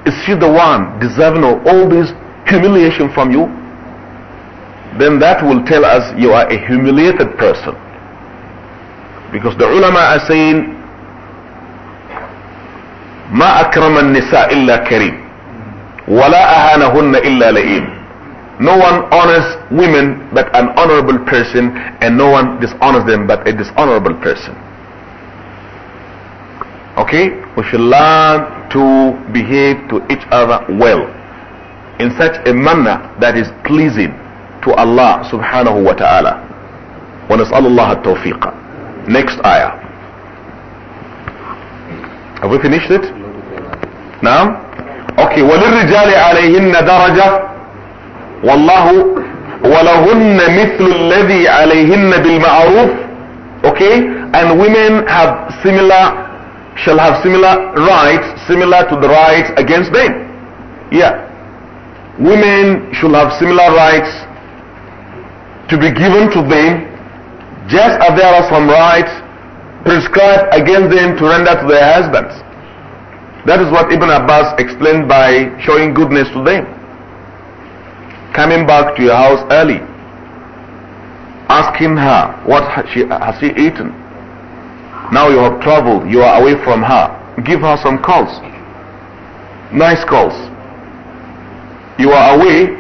Is she the one deserving of all this humiliation from you? Then that will tell us you are a humiliated person. Because the ulama are saying ما أكرم النساء إلا كريم ولا أهانهن إلا لئيم no one honors women but an honorable person and no one dishonors them but a dishonorable person okay we should learn to behave to each other well in such a manner that is pleasing to Allah subhanahu wa ta'ala ونسأل الله التوفيق next ayah have we finished it? Now? Okay. وَلِلرِّجَالِ عَلَيْهِنَّ دَرَجَةٌ وَاللَّهُ وَلَهُنَّ مِثْلُ الَّذِي عَلَيْهِنَّ بِالْمَعْرُوفِ Okay? And women have similar, shall have similar rights, similar to the rights against them. Yeah. Women should have similar rights to be given to them, just as there are some rights prescribed against them to render to their husbands. That is what Ibn Abbas explained by showing goodness to them. Coming back to your house early, asking her what has she, has she eaten. Now you have traveled, you are away from her. Give her some calls. Nice calls. You are away,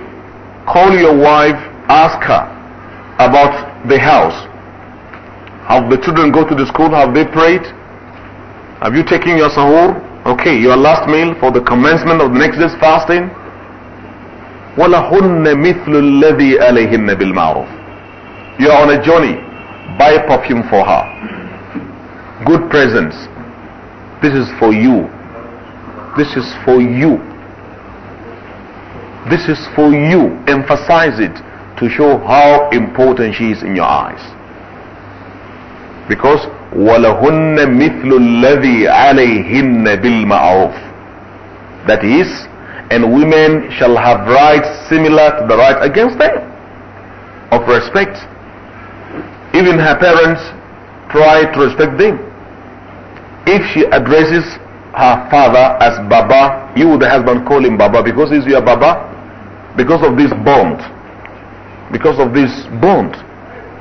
call your wife, ask her about the house, have the children go to the school? Have they prayed? Have you taken your sahur? Okay, your last meal for the commencement of the next day's fasting? You are on a journey. Buy perfume for her. Good presents. This is for you. This is for you. This is for you. Emphasize it to show how important she is in your eyes. Because وَلَهُنَّ مِثْلُ الَّذِي عَلَيْهِنَّ بِالْمَعْرُوفِ That is, and women shall have rights similar to the right against them of respect. Even her parents try to respect them. If she addresses her father as Baba, you the husband call him Baba because he's your Baba, because of this bond, because of this bond,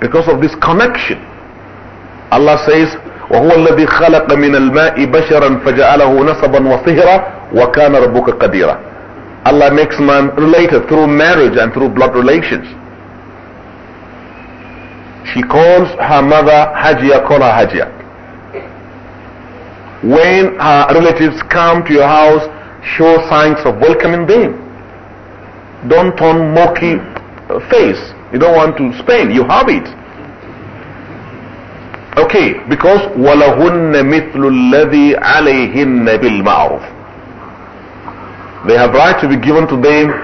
because of this connection. Allah says, وهو الذي خلق من الماء بشرا فجعله نصبا وصهرا وكان ربك قديرا Allah makes man related through marriage and through blood relations. She calls her mother Hajia, call her Hajia. When her relatives come to your house, show signs of welcoming them. Don't turn mokey face. You don't want to spend, you have it. Okay, because وَلَهُنَّ مِثْلُ الَّذِي عَلَيْهِنَّ بِالْمَعْرُفِ They have right to be given to them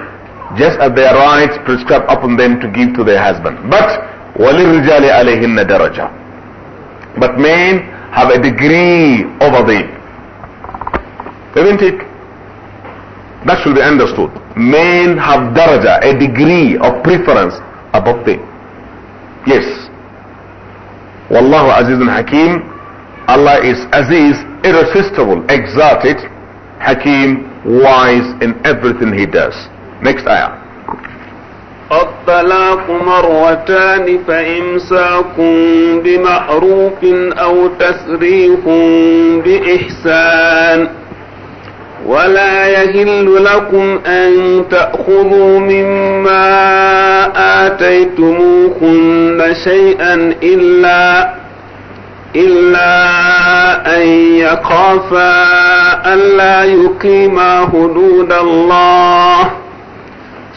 just as their rights prescribed upon them to give to their husband. But وَلِلْرِجَالِ عَلَيْهِنَّ دَرَجَةً But men have a degree over them. Isn't it? That should be understood. Men have daraja, a degree of preference above them. Yes. والله عزيز حكيم Allah is Aziz, irresistible, exalted, حكيم wise in everything he does. Next ayah. الطلاق مرتان فإمساك بمعروف أو تسريح بإحسان ولا يهل لكم أن تأخذوا مما آتيتموهن شيئا إلا إلا أن يخافا ألا يقيما حدود الله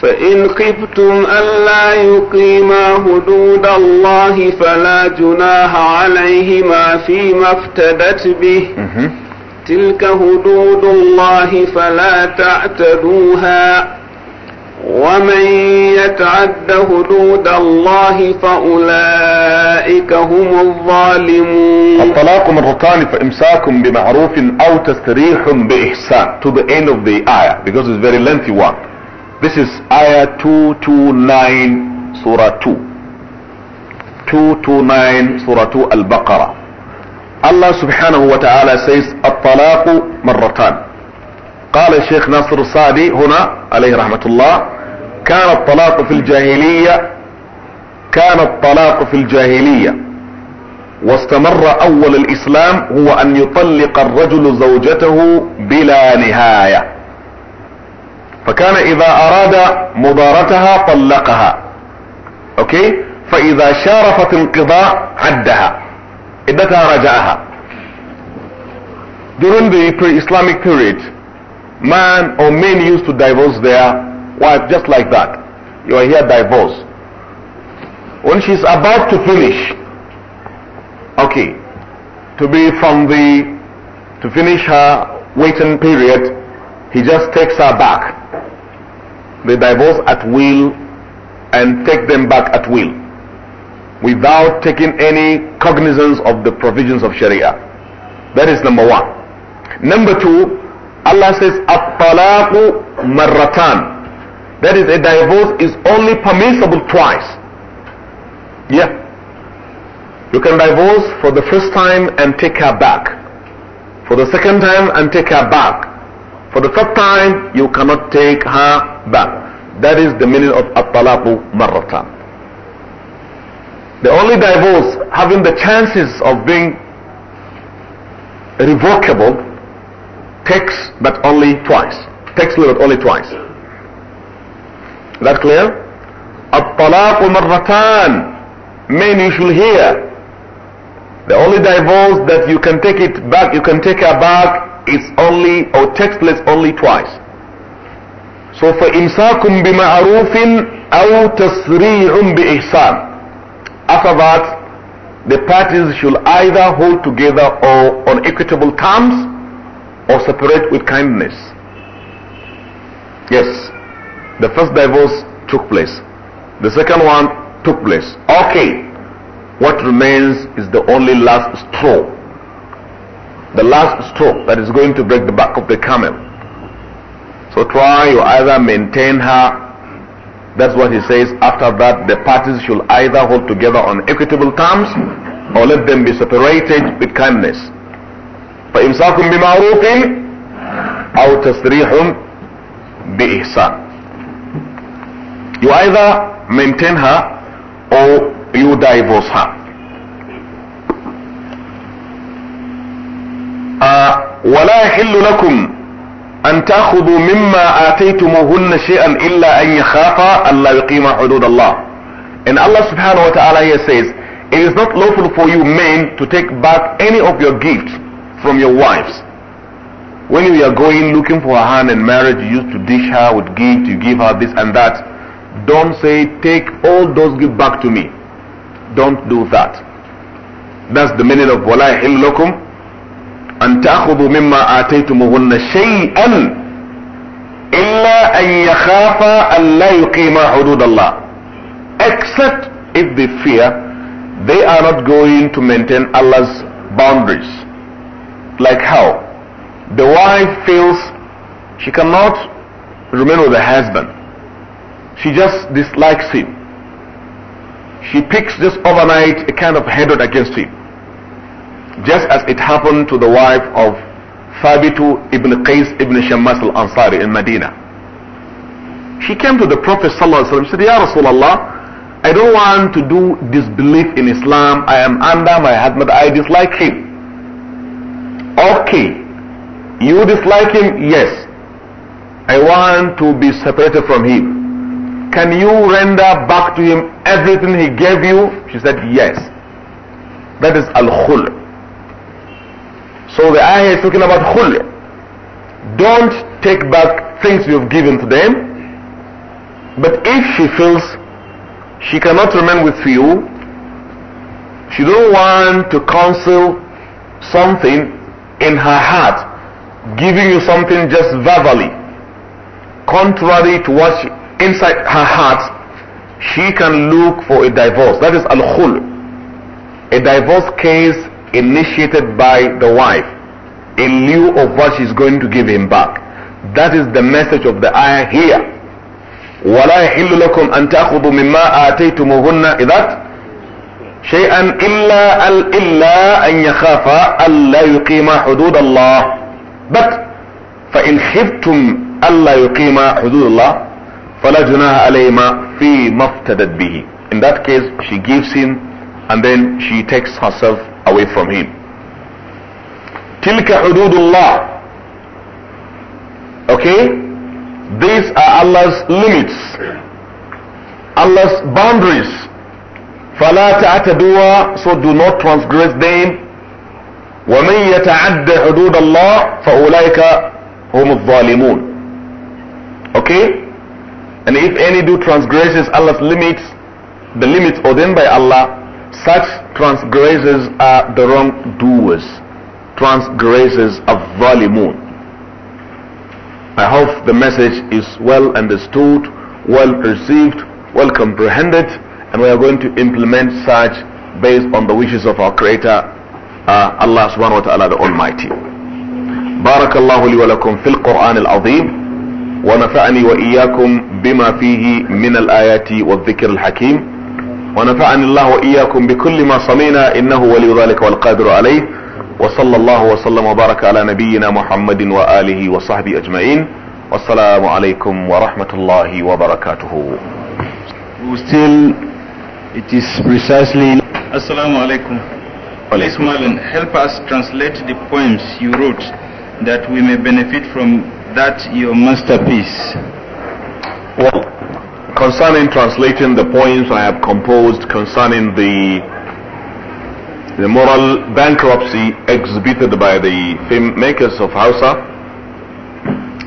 فإن خفتم ألا يقيما حدود الله فلا جناح عليهما فيما افتدت به تلك حدود الله فلا تعتدوها ومن يتعد حدود الله فأولئك هم الظالمون الطلاق مرتان فإمساك بمعروف أو تستريح بإحسان to the end of the ayah because it's very lengthy one this is ayah 229 surah 2 229 surah 2 البقرة الله سبحانه وتعالى سيس الطلاق مرتان قال الشيخ ناصر الصادي هنا عليه رحمة الله كان الطلاق في الجاهلية كان الطلاق في الجاهلية واستمر أول الإسلام هو أن يطلق الرجل زوجته بلا نهاية فكان إذا أراد مضارتها طلقها أوكي فإذا شارفت انقضاء عدها إذا during the pre-Islamic period man or men used to divorce their wife just like that you are here divorce when she's about to finish okay to be from the to finish her waiting period he just takes her back they divorce at will and take them back at will without taking any cognizance of the provisions of Sharia. That is number one. Number two, Allah says, At-talaqu marratan. That is a divorce is only permissible twice. Yeah. You can divorce for the first time and take her back. For the second time and take her back. For the third time, you cannot take her back. That is the meaning of At-talaqu marratan. The only divorce having the chances of being revocable takes but only twice. Takes but only twice. Is that clear? الطلاق مرتان many you should hear the only divorce that you can take it back you can take her back is only or takes place only twice so فإمساكم بمعروف أو bi-ihsan. After that, the parties should either hold together or on equitable terms or separate with kindness. Yes, the first divorce took place. The second one took place. Okay, what remains is the only last straw. The last straw that is going to break the back of the camel. So try you either maintain her that's what he says. After that, the parties should either hold together on equitable terms or let them be separated with kindness. فإمساك بمعروف أو تسريح بإحسان. You either maintain her or you divorce her. Uh, ولا يحل لكم an takhudhu mimma ataytumuhunna shay'an illa an yakhafa Allah yuqima hudud Allah. And Allah subhanahu wa ta'ala here says, it is not lawful for you men to take back any of your gifts from your wives. When you are going looking for a hand in marriage, you used to dish her with gifts, you give her this and that. Don't say, take all those gifts back to me. Don't do that. That's the meaning of وَلَا يَحِلُّ تأخذوا مما mimma شيئا shay'an illa يخافا أن لا la حدود hududallah except if they fear they are not going to maintain Allah's boundaries like how the wife feels she cannot remain with the husband she just dislikes him she picks just overnight a kind of hatred against him just as it happened to the wife of Thabitu ibn Qais ibn Shammas al-Ansari in Medina. She came to the Prophet sallallahu and said, Ya Rasulallah, I don't want to do disbelief in Islam. I am under my husband. I dislike him. Okay. You dislike him? Yes. I want to be separated from him. Can you render back to him everything he gave you? She said, yes. That is al-khul. So the ayah is talking about khul. Don't take back things you've given to them. But if she feels she cannot remain with you, she don't want to counsel something in her heart, giving you something just verbally, contrary to what she, inside her heart, she can look for a divorce. That is al-khul. A divorce case initiated by the wife in lieu of what she's going to give him back. That is the message of the ayah here. ولا يحل لكم أن تأخذوا مما آتيتموهن إذا شيئا إلا إلا أن يخاف ألا يقيم حدود الله but فإن خفتم ألا يقيم حدود الله فلا جناح عليهما فيما افتدت به in that case she gives him and then she takes herself away from him. Tilka hududullah. Okay? These are Allah's limits. Allah's boundaries. فَلَا تَعْتَدُوهَا So do not transgress them. وَمَنْ يَتَعَدَّ حُدُودَ اللَّهِ فَأُولَٰئِكَ هُمُ الظَّالِمُونَ Okay? And if any do transgresses Allah's limits, the limits ordained by Allah, such transgressors are the wrongdoers. Transgressors of Valimun. I hope the message is well understood, well received, well comprehended, and we are going to implement such based on the wishes of our Creator, uh, Allah subhanahu wa ta'ala the Almighty. بارك الله لي ولكم في القرآن العظيم ونفعني وإياكم بما فيه من الآيات والذكر الحكيم ونفعني الله وإياكم بكل ما سمعنا إنه ولي ذلك والقادر عليه وصلى الله وسلم وبارك على نبينا محمد وآله وصحبه أجمعين والسلام عليكم ورحمة الله وبركاته Still, it is precisely Assalamu alaikum. Please, Marlon, help us translate the poems you wrote that we may benefit from that your masterpiece. Well, concerning translating the poems I have composed concerning the the moral bankruptcy exhibited by the filmmakers of Hausa,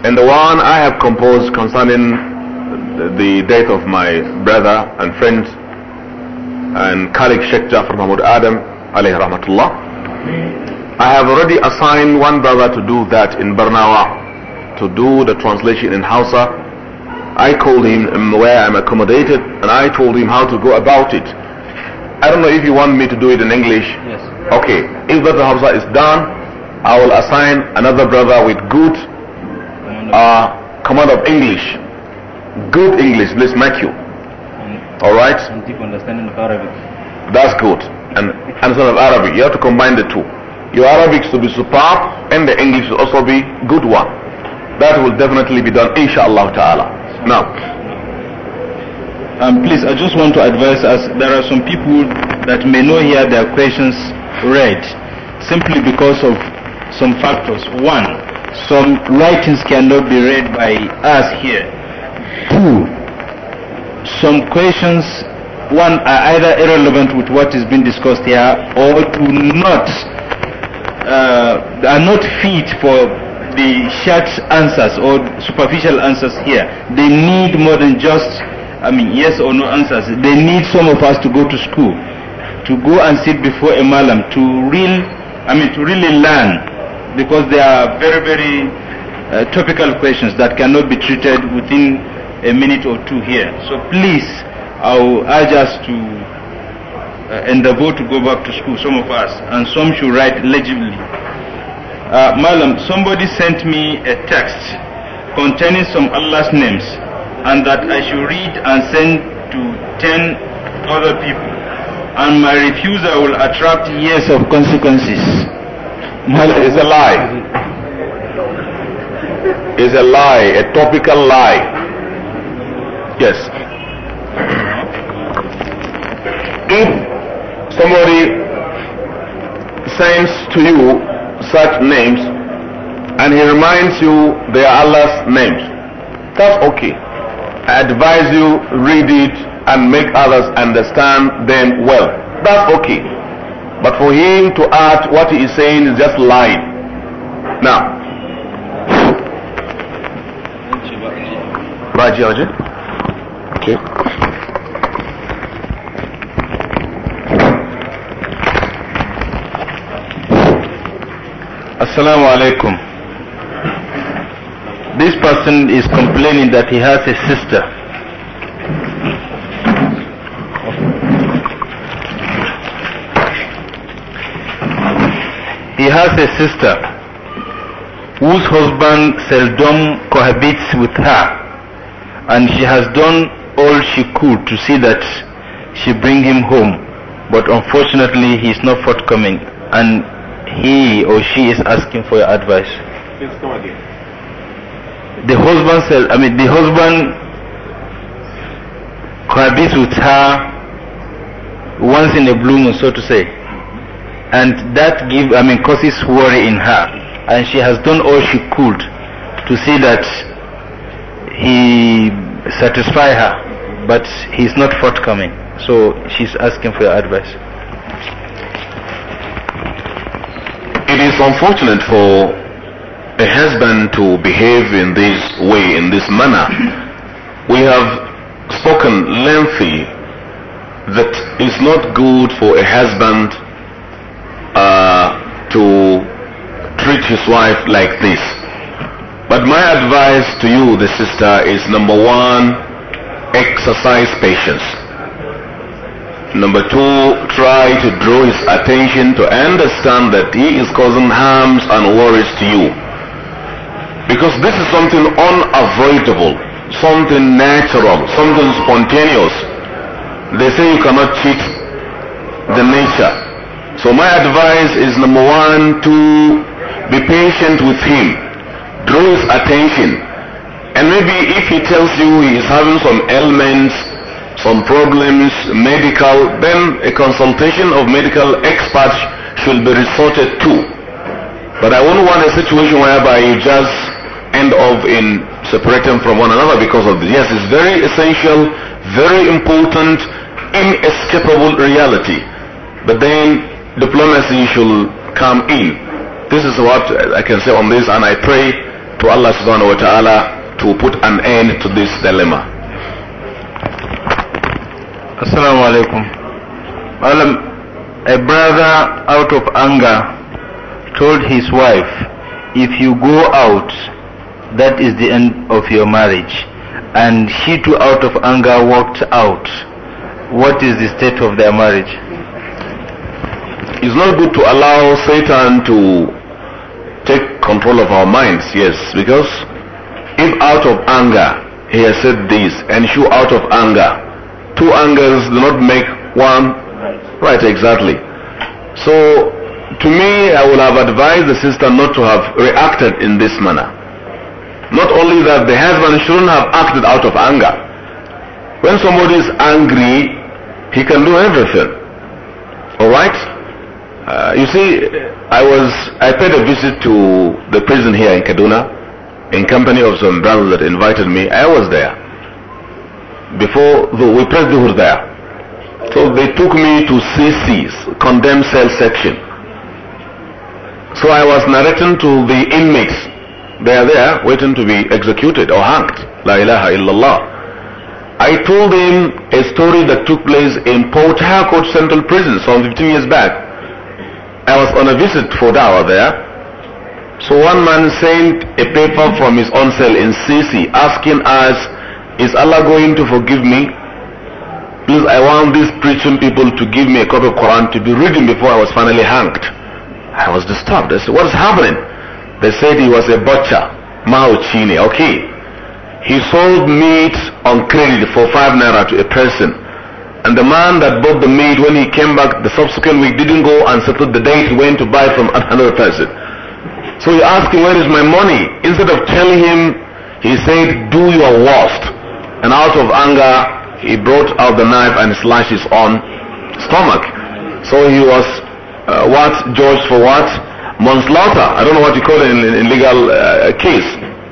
and the one I have composed concerning the death of my brother and friend and colleague Sheikh Jafar Mahmoud Adam, alayhi rahmatullah. I have already assigned one brother to do that in Barnawa, to do the translation in Hausa I called him where I'm accommodated and I told him how to go about it. I don't know if you want me to do it in English. Yes. Okay. If Dr. Hamza is done, I will assign another brother with good uh, command of English. Good English, let's make you. All right? And deep understanding of Arabic. That's good. And understanding of Arabic. You have to combine the two. Your Arabic should be superb and the English should also be good one. That will definitely be done, inshallah ta'ala. Now, um, please, I just want to advise us there are some people that may not hear their questions read simply because of some factors. One, some writings cannot be read by us here. Two, some questions, one, are either irrelevant with what is being discussed here or do not, uh, are not fit for the short answers or superficial answers here. They need more than just, I mean, yes or no answers. They need some of us to go to school, to go and sit before a malam, to real, I mean, to really learn, because there are very, very uh, topical questions that cannot be treated within a minute or two here. So please, I will urge us to uh, endeavor to go back to school, some of us, and some should write legibly uh, Malam, somebody sent me a text containing some Allah's names and that I should read and send to 10 other people. And my refusal will attract years of consequences. Malam, it's a lie. It's a lie, a topical lie. Yes. If somebody sends to you such names and he reminds you they are Allah's names. That's okay. I advise you read it and make others understand them well. That's okay. But for him to add what he is saying is just lying. Now. right, Raji. Okay. Assalamu alaikum. This person is complaining that he has a sister. He has a sister whose husband seldom cohabits with her and she has done all she could to see that she bring him home but unfortunately he is not forthcoming and he or she is asking for your advice? Please come again. The husband said, I mean, the husband cohabits with her once in a blue moon, so to say. And that give, I mean, causes worry in her. And she has done all she could to see that he satisfy her, but he's not forthcoming. So she's asking for your advice. It is unfortunate for a husband to behave in this way, in this manner. We have spoken lengthy that it's not good for a husband uh, to treat his wife like this. But my advice to you, the sister, is number one, exercise patience. Number two, try to draw his attention to understand that he is causing harms and worries to you. Because this is something unavoidable, something natural, something spontaneous. They say you cannot cheat the nature. So my advice is number one, to be patient with him. Draw his attention. And maybe if he tells you he is having some ailments some problems, medical, then a consultation of medical experts should be resorted to. But I wouldn't want a situation whereby you just end up in separating from one another because of this. Yes, it's very essential, very important, inescapable reality. But then diplomacy should come in. This is what I can say on this and I pray to Allah subhanahu wa ta'ala to put an end to this dilemma. Assalamu alaikum. Malam, a brother out of anger told his wife, if you go out, that is the end of your marriage. And she too out of anger walked out. What is the state of their marriage? It's not good to allow Satan to take control of our minds, yes, because if out of anger he has said this and you out of anger two angles do not make one right exactly. So to me, I would have advised the sister not to have reacted in this manner. Not only that, the husband shouldn't have acted out of anger. When somebody is angry, he can do everything. Alright? Uh, you see, I was, I paid a visit to the prison here in Kaduna in company of some brothers that invited me. I was there before the, we pressed the there. So they took me to CC's, condemned cell section. So I was narrating to the inmates. They are there waiting to be executed or hanged. La ilaha illallah. I told them a story that took place in Port Harcourt Central Prison some 15 years back. I was on a visit for Dawa there. So one man sent a paper from his own cell in CC asking us is Allah going to forgive me? Please, I want these preaching people to give me a copy of Quran to be reading before I was finally hanged. I was disturbed. I said, what is happening? They said he was a butcher, Mao Chini. Okay. He sold meat on credit for five naira to a person. And the man that bought the meat when he came back the subsequent week didn't go and settle the date he went to buy from another person. So he asked him, where is my money? Instead of telling him, he said, do your worst and out of anger he brought out the knife and slashed his own stomach. So he was uh, what judged for what manslaughter. I don't know what you call it in, in, in legal uh, case.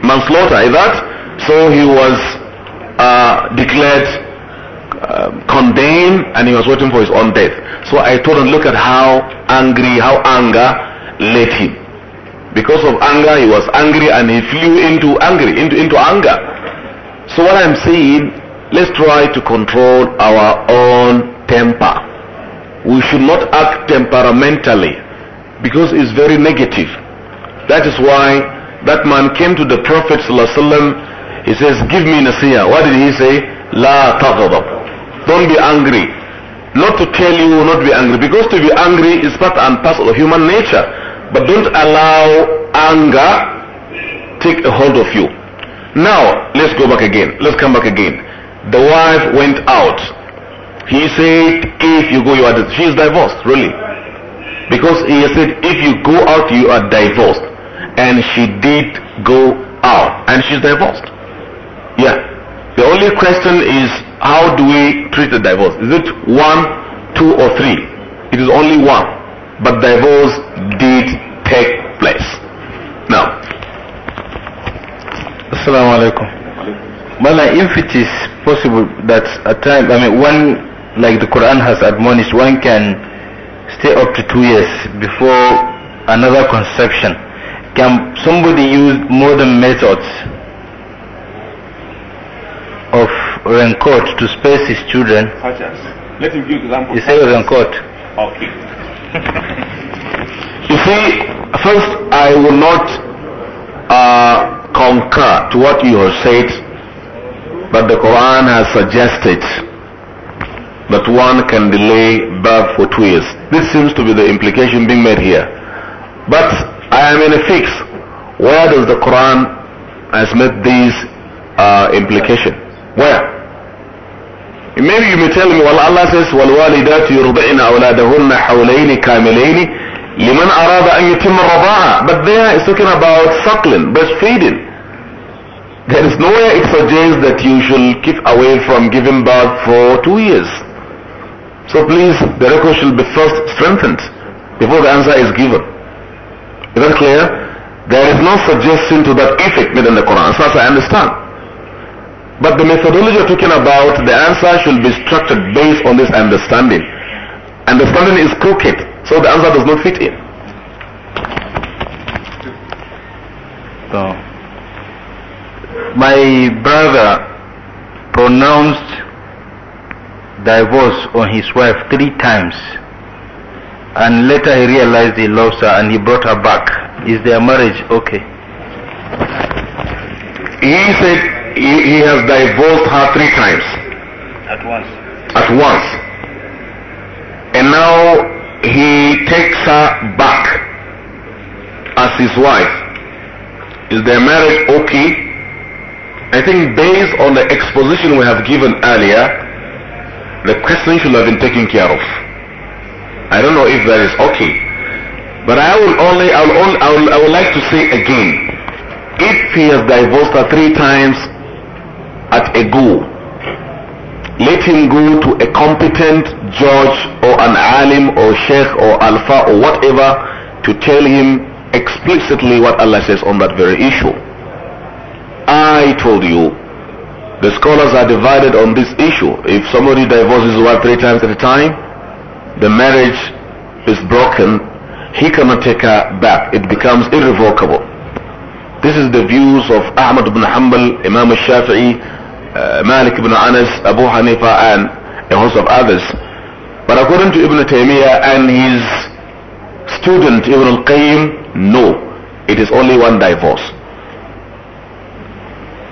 Manslaughter is that? So he was uh, declared um, condemned and he was waiting for his own death. So I told him, look at how angry, how anger led him. Because of anger, he was angry and he flew into angry, into, into anger. So what I'm saying, let's try to control our own temper. We should not act temperamentally because it's very negative. That is why that man came to the Prophet ﷺ. He says, give me nasiya. What did he say? La taghdab. Don't be angry. Not to tell you not be angry because to be angry is part and parcel of human nature. But don't allow anger take a hold of you. Now, let's go back again. Let's come back again. The wife went out. He said, if you go, you are, she is divorced, really. Because he said, if you go out, you are divorced. And she did go out. And she's divorced. Yeah. The only question is, how do we treat the divorce? Is it one, two, or three? It is only one. But divorce did take place. Now, Assalamu alaikum. Mala, if it is possible that at time, I mean, one, like the Quran has admonished, one can stay up to two years before another conception. Can somebody use modern methods of Rencourt to space his children? Such as? Let him give example. You say rancort. Okay. you see, first, I will not. Uh, concur to what you have said, but the Quran has suggested that one can delay birth for two years. This seems to be the implication being made here. But I am in a fix. Where does the Quran has made these uh, implication? Where? Maybe you may tell me, well, Allah says, وَالْوَالِدَاتِ يُرْضِعِنَ أَوْلَادَهُنَّ حَوْلَيْنِ كَامِلَيْنِ لمن أراد أن يتم الرضاعة but there it's talking about suckling breastfeeding there is nowhere it suggests that you should keep away from giving birth for two years so please the record should be first strengthened before the answer is given is that clear there is no suggestion to that effect made in the Quran as far as I understand but the methodology you're talking about the answer should be structured based on this understanding understanding is crooked so the answer does not fit in. So, my brother pronounced divorce on his wife three times and later he realized he loves her and he brought her back. Is their marriage okay? He said he, he has divorced her three times. At once. At once. And now he takes her back as his wife. Is their marriage okay? I think based on the exposition we have given earlier, the question should have been taken care of. I don't know if that is okay. But I will only, I will, only, I will, I will like to say again, if he has divorced her three times at a go, let him go to a competent judge or an alim or sheikh or alfa or whatever to tell him explicitly what Allah says on that very issue. I told you the scholars are divided on this issue. If somebody divorces his wife three times at a time, the marriage is broken, he cannot take her back. It becomes irrevocable. This is the views of Ahmad ibn Hanbal, Imam al-Shafi'i, uh, Malik ibn Anas, Abu Hanifa, and a host of others. But according to Ibn Taymiyyah and his student Ibn al-Qayyim, no, it is only one divorce.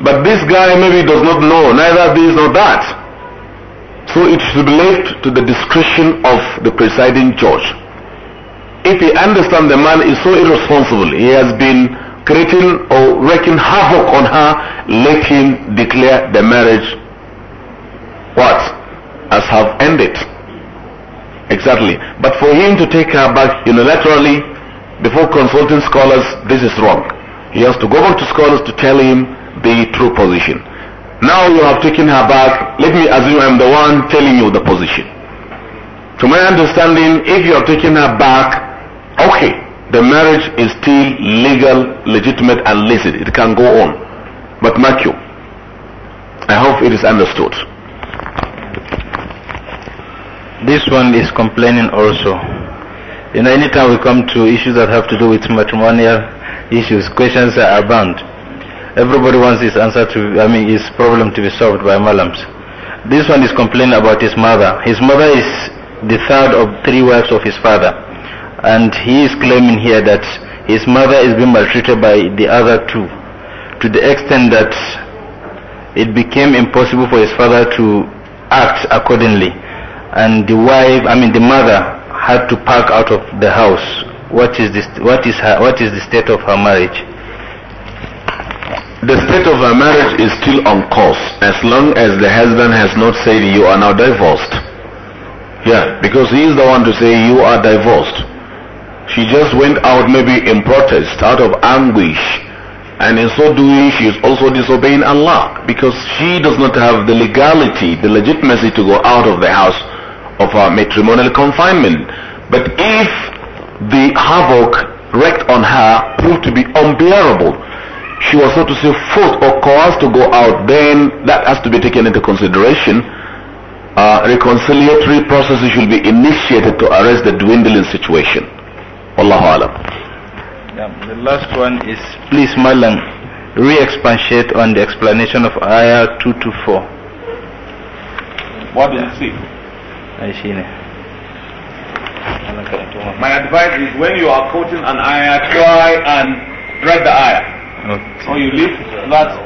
But this guy maybe does not know neither this nor that. So it should be left to the discretion of the presiding judge. If he understands the man is so irresponsible, he has been creating or wreaking havoc on her, let him declare the marriage what? As have ended. Exactly. But for him to take her back unilaterally before consulting scholars, this is wrong. He has to go back to scholars to tell him the true position. Now you have taken her back. Let me assume I'm the one telling you the position. To my understanding, if you have taken her back, okay, the marriage is still legal, legitimate and licit. It can go on. But mark you, I hope it is understood. This one is complaining also. You know, anytime we come to issues that have to do with matrimonial issues, questions are abound. Everybody wants his answer to, I mean, his problem to be solved by Malams. This one is complaining about his mother. His mother is the third of three wives of his father and he is claiming here that his mother is being maltreated by the other two to the extent that it became impossible for his father to act accordingly and the wife i mean the mother had to pack out of the house what is this what is her what is the state of her marriage the state of her marriage is still on course as long as the husband has not said you are now divorced yeah because he is the one to say you are divorced she just went out maybe in protest, out of anguish. And in so doing, she is also disobeying Allah because she does not have the legality, the legitimacy to go out of the house of her matrimonial confinement. But if the havoc wreaked on her proved to be unbearable, she was, so to say, forced or coerced to go out, then that has to be taken into consideration. Uh, reconciliatory processes should be initiated to arrest the dwindling situation alam. Yeah, the last one is please Malan, re-expatiate on the explanation of ayah 2 to 4. What do you see? My advice is when you are quoting an ayah, try and read the ayah. Okay. you leave that